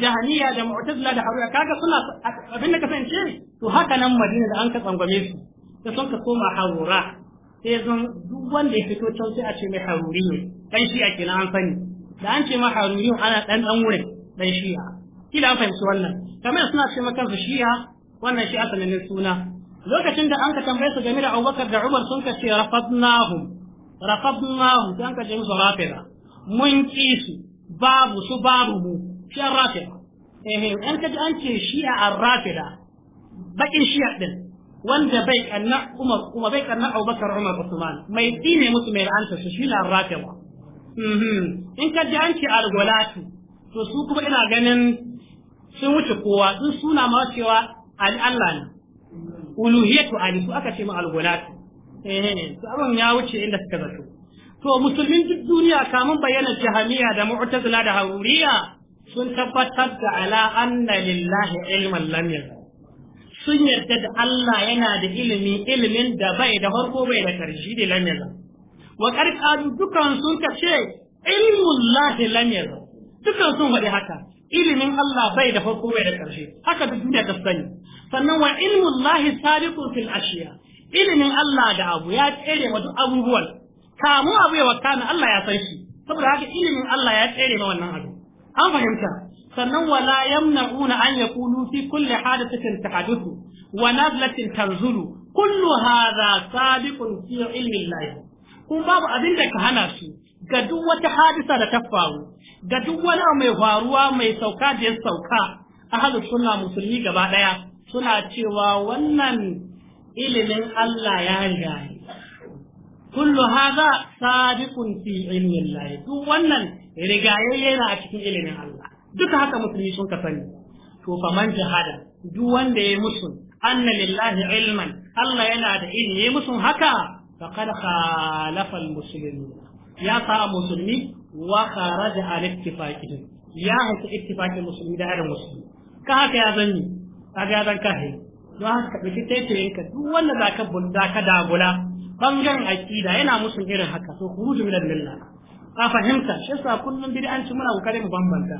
Speaker 1: jahaniya da mu'tazila da harura kaga suna abin da ka in ce to haka nan madina da an ka tsangwame su da sun ka koma harura sai zan duk wanda ya fito can sai a ce mai haruri ne dan shi'a kenan an sani da an ce ma haruri ana dan dan wurin dan shi'a kila an fahimci wannan kamar suna ce maka su shi'a wannan shi'a sanannen suna lokacin da an ka tambaye su game da Abubakar da Umar sun ka ce rafadnahum rafadnahum sai an ka ce musu rafida mun ki su babu su babu mu shi an rafida eh an kaji an ce shi'a an rafida bakin shi'a din wanda bai kanna Umar kuma bai kanna Abubakar Umar Usman mai tsine musu mai la'anta su shi an rafida mhm in kaji an ce al-gulatu to su kuma ina ganin sun wuce kowa sun suna ma cewa al-Allah ne uluhiyatu ali su aka ce ma al-gulatu eh to abin ya wuce inda suka zato to musulmin duk duniya kamun bayyana jahamiya da mu'tazila da haruriya sun tabbatar da ala anna lillahi ilman lam sun yarda da Allah yana da ilimi ilimin da bai da farko bai da karshe da lam yazal wa karkadu dukan sun kace ilmun lahi lam yazal dukan sun faɗi haka ilimin Allah bai da farko bai da ƙarshe haka duk duniya ta sani sannan wa ilmun lahi sabiqun fil ashiya ilimin Allah da abu ya tsere wa duk abubuwan kamun abu ya wakana Allah ya san shi saboda haka ilimin Allah ya tsere ma wannan abu an fahimta sannan wala yamna'una an yakulu fi kulli hadathatin tahaddathu wa nazlatin tanzulu kullu hadha sabiqun fi ilmi Allah babu abin da ka hana su ga duk wata hadisa da ta faru ga duk wani mai faruwa mai sauka da ya sauka ahalu suna musulmi gaba daya suna cewa wannan ilimin Allah ya riga kullu hadha sabiqun fi ilmi Allah duk wannan rigayayye na a cikin ilimin Allah duka haka musulmi sun ka sani to fa man jahada duk wanda ya musu anna lillahi ilman Allah yana da ilmi ya musu haka faqad khalafa almuslimin ya sa musulmi wa kharaja al ittifaqihim ya haka ittifaqin musulmi da irin musulmi ka haka ya zanni kaga ya zan kahe don haka ka dauki taitayin ka duk wanda zaka bunda ka dagula bangaren aƙida yana musu irin haka to khuruju min al-milla a fahimta shi yasa kullum bid'anci muna kokarin mu bambanta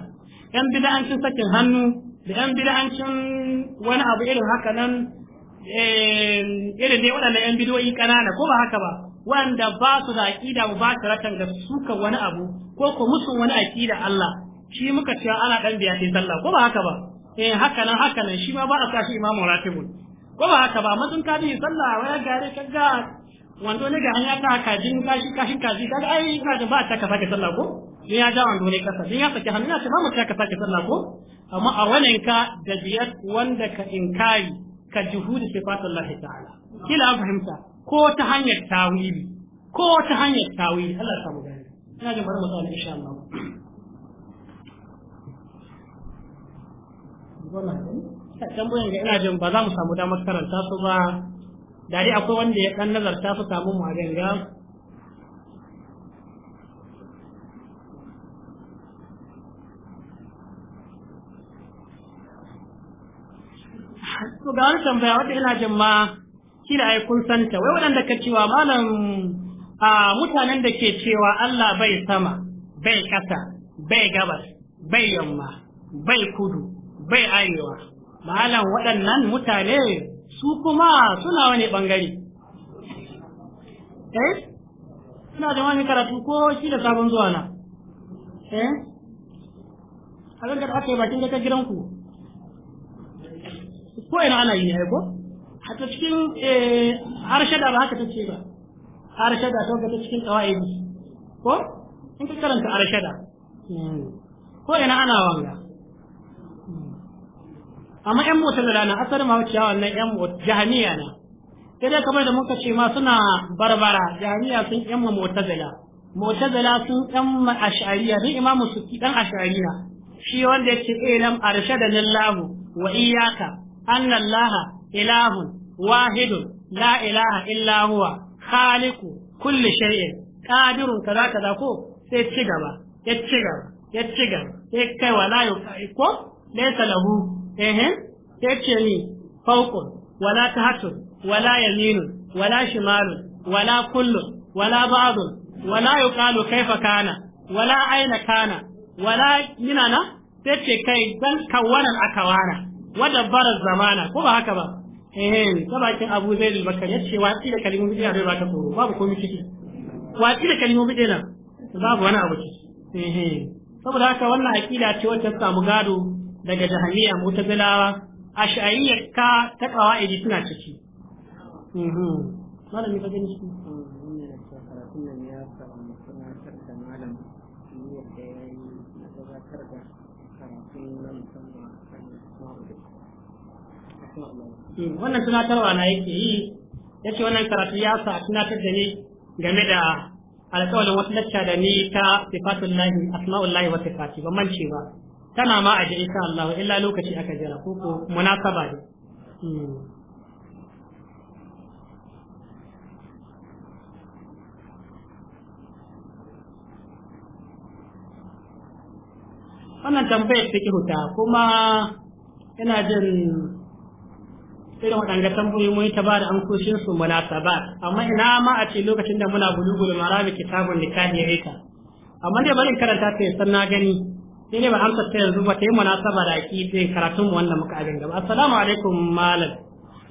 Speaker 1: yan bid'ancin sakin hannu da yan bid'ancin wani abu irin haka nan eh, irin ne waɗannan yan bidoyi ƙanana ko ba haka ba wanda ba su da aƙida ba su ratan ga suka wani abu ko ko musu wani aƙida Allah shi muka cewa ana dan biya sai sallah ko ba haka ba eh haka nan haka nan shi ma ba a sa shi imamu ratibul ko ba haka ba amma sun ka bi sallah waya gare ka ga wando ne ga hanya ta kajin kashi kashin kaji kaga ai ina da ba ta ka sake sallah ko ni ya ja wando ne kasa in ya saki hannu na ce ba mu ta ka sake sallah ko amma a wannan ka da biyar wanda ka inkari ka juhudu sifatullah ta'ala kila fahimta ko ta hanyar tawili ko ta hanyar tawili Allah ya samu gani ina jin bar mu insha Allah wannan tambayan ga ina jin ba za mu samu damar karanta su ba da dai akwai wanda ya dan nazarta su samu mu a ganga to ga wani tambaya wata ina jin ma kila ai kun ta. wai waɗanda ka cewa malam a mutanen da ke cewa Allah bai sama bai ƙasa bai gabas bai yamma bai kudu bai arewa malam waɗannan mutane su kuma suna wani bangare eh suna da wani karatu ko shi da sabon zuwa na eh ga da aka yi bakin da ta gidanku ko ina ana yi ne ko hatta cikin harshada eh, ba haka ta ce ba harshada ta ga cikin kawai ko in ka karanta harshada hmm. ko ina ana wanga amma yan mu'tazila na asalin ma wuce wannan ƴan jahaniya na sai dai kamar da muka ce ma suna barbara jahaniya sun yan mu'tazila mu'tazila sun yan ash'ariya ne imamu suki dan ash'ariya shi wanda yake ilam eh, arshada lillahu wa iyyaka anna allaha ilahun wahidun la ilaha illa huwa khaliqu kulli shay'in qadirun kaza kaza ko sai ci gaba ya ci gaba ya ci gaba sai kai wala ko laysa lahu ehem sai ce ni fawqun wala tahtun wala yaminun wala shimalun wala kullun wala ba'dun wala yuqalu kaifa kana wala aina kana wala minana sai ce kai dan kawanan aka wara, wada barar zamana ko ba haka ba eh ta bakin Abu zai al-Bakar ce, watsi da kalmomi da bai baka koro, babu komai ciki watsi da kalmomi da babu wani abu ciki eh saboda haka wannan akida ce wacce ta samu gado daga jahamiya mutazilawa ash'ariyar ka ta qawaidi suna ciki
Speaker 2: mhm. malami ka gani shi mm, mm,
Speaker 1: wannan tunatarwa na yake yi ya ce wannan karatu ya sa tunatar da ni game da alƙawarin wata lacca da ni ta sifatullahi asma'ullahi wata sifati ba manci ba tana ma a insha Allah illa lokaci aka jira ko ko munasaba ne hmm. wannan tambayar take huta kuma yana jin irin waɗanda tambayi mun ta ba da kushin su munasaba amma ina ma a ce lokacin da muna bulugul marami kitabun nikahi ya rika amma dai barin karanta ta san na gani sai ne ba amsa ta yanzu ba ta yi munasaba da aqidai karatun mu wanda muka abin gaba assalamu alaikum malam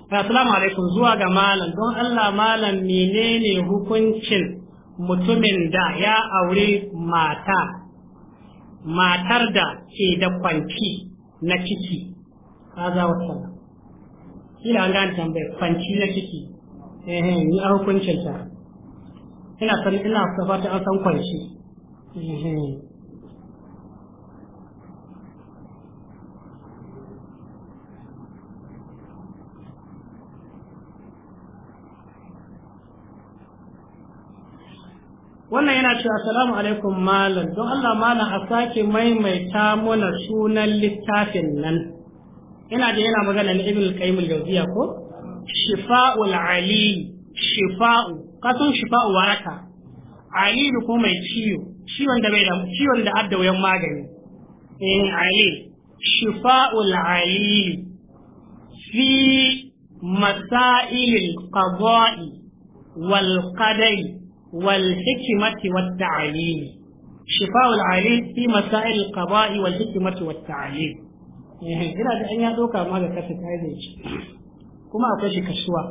Speaker 1: assalamu alaikum zuwa ga malam don Allah malam menene hukuncin mutumin da ya aure mata matar da ke da kwanci na ciki za wata kila an gani tambayar kwanci na ciki eh eh ni a hukuncin ta ina san ina fata an san kwanci eh eh wannan yana cewa assalamu alaikum malam don Allah malam a sake maimaita mana sunan littafin nan yana da yana magana na ibn qayyim al-jawziya ko shifa'ul ali shifa'u kasan shifa'u waraka ali ko mai ciwo ciwon da bai da ciwon da adda wayan magani eh ali shifa'ul ali fi masailil qada'i wal qadari والحكمة والتعليم شفاء العليل في مسائل القضاء والحكمة والتعليم ina da an ya doka ma ga kasa kaidai kuma akwai shi kashuwa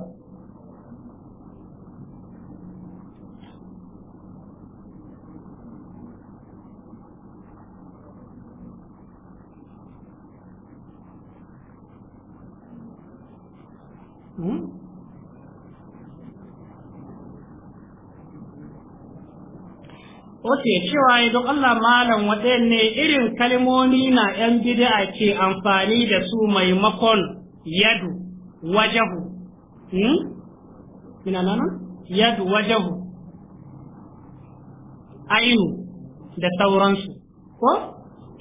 Speaker 1: wace cewa don Allah malam waɗanne irin kalmomi na ‘yan bid'a ke amfani da su maimakon yadu wajahu. Hmm? Ina nana? Yadu wajahu. Ainu da sauransu. Ko?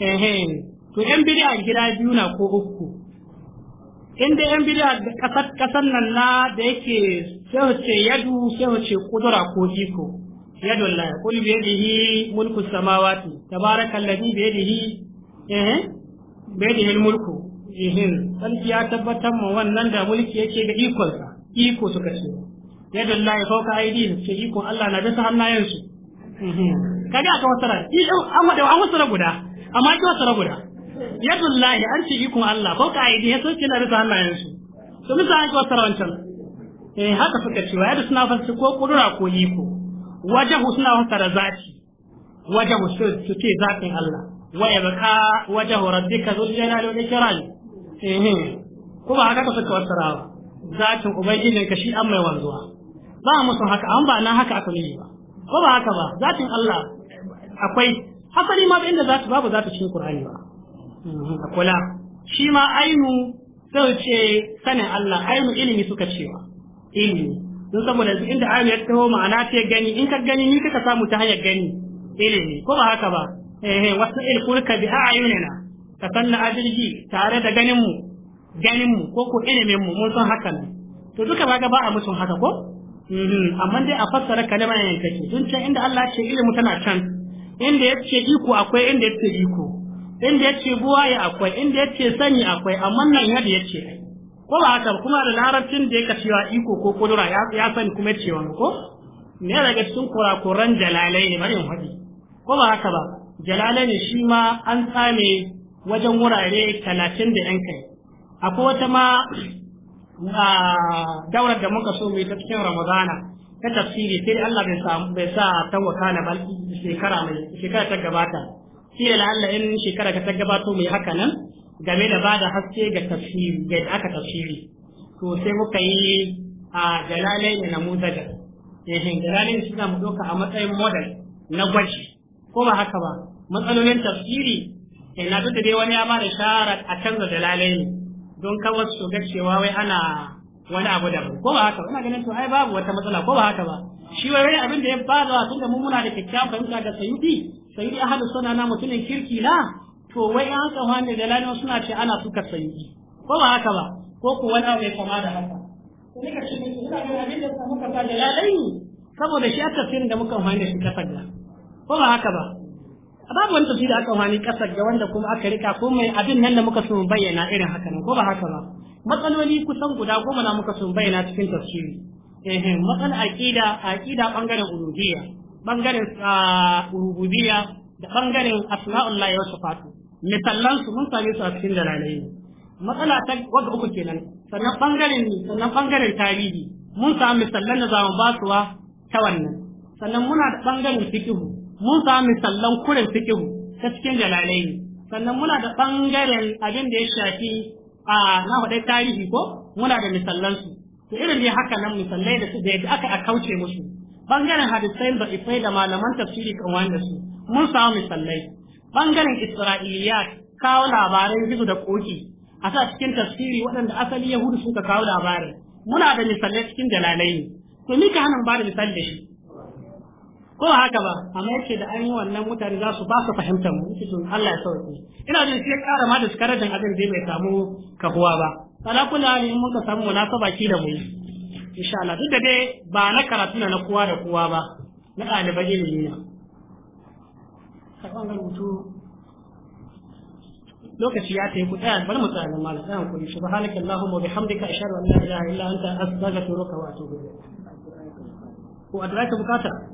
Speaker 1: Ehem. To ‘yan bid'a gida biyu na ko uku. Inda ‘yan bid'a ƙasar nan na da yake sai ce yadu sai ce kudura ko iko. يد الله قل بيده ملك السماوات تبارك الذي بيده إيه بيده الملك إيه sarki ya tabbatar ma wannan da mulki yake da ikonsa iko suka ce yadda Allah ya fauka aidi ce iko Allah na bisa hannayensu kaga aka wasara an wada an wasara guda amma ki wasara guda yadda Allah an ce iko Allah fauka aidi ya soke na bisa hannayensu to bisa an ki wasara wancan eh haka suka ci wa yadda suna fasu ko kudura ko iko wajahu suna da zaki, wajahu su ce zakin Allah wa yabqa wajahu rabbika zul jalali wal ikram eh kuma haka ta suka fassara Zakin zatin ubangijin ka shi an mai wanzuwa ba musu haka an ba na haka aka nuni ba ko ba haka ba zakin Allah akwai hasali ma inda zati babu zati cikin Qur'ani ba hmm, kula shi ma ainu sai ce sanin Allah ainu ilimi suka cewa ilimi don saboda inda ayoyi ya taho ma'ana ta gani in ka gani ni kaka samu ta hanyar gani ilimi ko ba haka ba eh, eh wasu ilkurka bi a'yunina ka sanna ajirji tare da ganin mu ganin mu ko ko ilimin mu mun san haka ne to duka ba ba a mutum haka ko mhm, amma dai a fassara kalma ne take tun can inda Allah ce ilimi tana can inda ya ce iko akwai inda ya ce iko inda ya ce buwaye akwai inda ya ce sani akwai amma nan yadda ya ce ai ko ba haka kuma da larabcin da yake cewa iko ko kudura ya sani kuma cewa ko ne daga cikin kurakuran jalalai ne bari faɗi ko ba haka ba jalalai ne shi ma an tsame wajen wurare talatin da yan kai akwai wata ma daurar da muka so mai ta cikin ramadana ta tafsiri sai Allah bai sa bai sa ta wakana ba shekara mai shekara ta gabata sai Allah in shekara ka ta gabato mai haka nan game da ba da haske ga tafsiri ga aka tafsiri to sai muka yi a dalalai ne na mutajar ehin dalalai suna mu a matsayin model na gwaji ko ba haka ba matsalolin tafsiri eh na duk da dai wani ya ba da shara a canza dalalai ne don kawai su ga cewa wai ana wani abu da ko ba haka ba ina ganin to ai babu wata matsala ko ba haka ba shi wai abin da ya da tunda mu muna da kyakkyawan fahimta da sayudi sayudi ahadu sunana na mutumin kirki na to wai an kawo ne da lalima suna ce ana suka sanyi ko ba haka ba ko ku wani abu mai kama da haka to ne ka ce ina ga abin da muka fa ya lalai saboda shi aka tafsirin da muka fahimta shi kasar da ko ba haka ba A babu wani da aka fahimta kasar da wanda kuma aka rika ko mai abin nan da muka sun bayyana irin haka nan ko ba haka ba matsaloli kusan guda goma na muka sun bayyana cikin tafsiri ehem matsal aqida aqida bangaren uluhiyya bangaren ah, rububiyya da bangaren asma'ullahi wa sifatu misallan su mun sami su a cikin dalalai matsala ta wadda uku kenan sannan bangaren sannan bangaren tarihi mun sami misallan da zamu basuwa ta wannan sannan muna da bangaren fikihu mun sami misallan kuren fikihu ta cikin dalalai sannan muna da bangaren abin da ya shafi a na faɗa tarihi ko muna da misallan su to irin dai haka nan misallai da su da yadda aka kauce musu bangaren hadisai da ifai da malaman tafsiri kan wanda su mun sami misallai bangaren isra'iliya kawo labaran gizo da koki a sa cikin tafsiri waɗanda asali yahudu suka kawo labarin muna da misalai cikin dalalai to ni ka hannun ba da misali da shi ko haka ba amma yake da an yi wannan mutane za su ba su fahimtar mu yake tun Allah ya sauke ina jin sai ƙara ma da sikarar abin zai bai samu kahuwa ba ala kula ne mun ka samu munasaba ki da mu insha Allah duk da dai ba na karatu na kowa da kowa ba na ɗaliban ilimi na karɓar rubutu lokaci ya tafi ɗaya bari mu tsaya nan malam ɗayan kuri subhanaka allahumma wa bihamdika ashhadu an la ilaha ta anta astaghfiruka wa atubu ilayk ko a addu'a ta bukata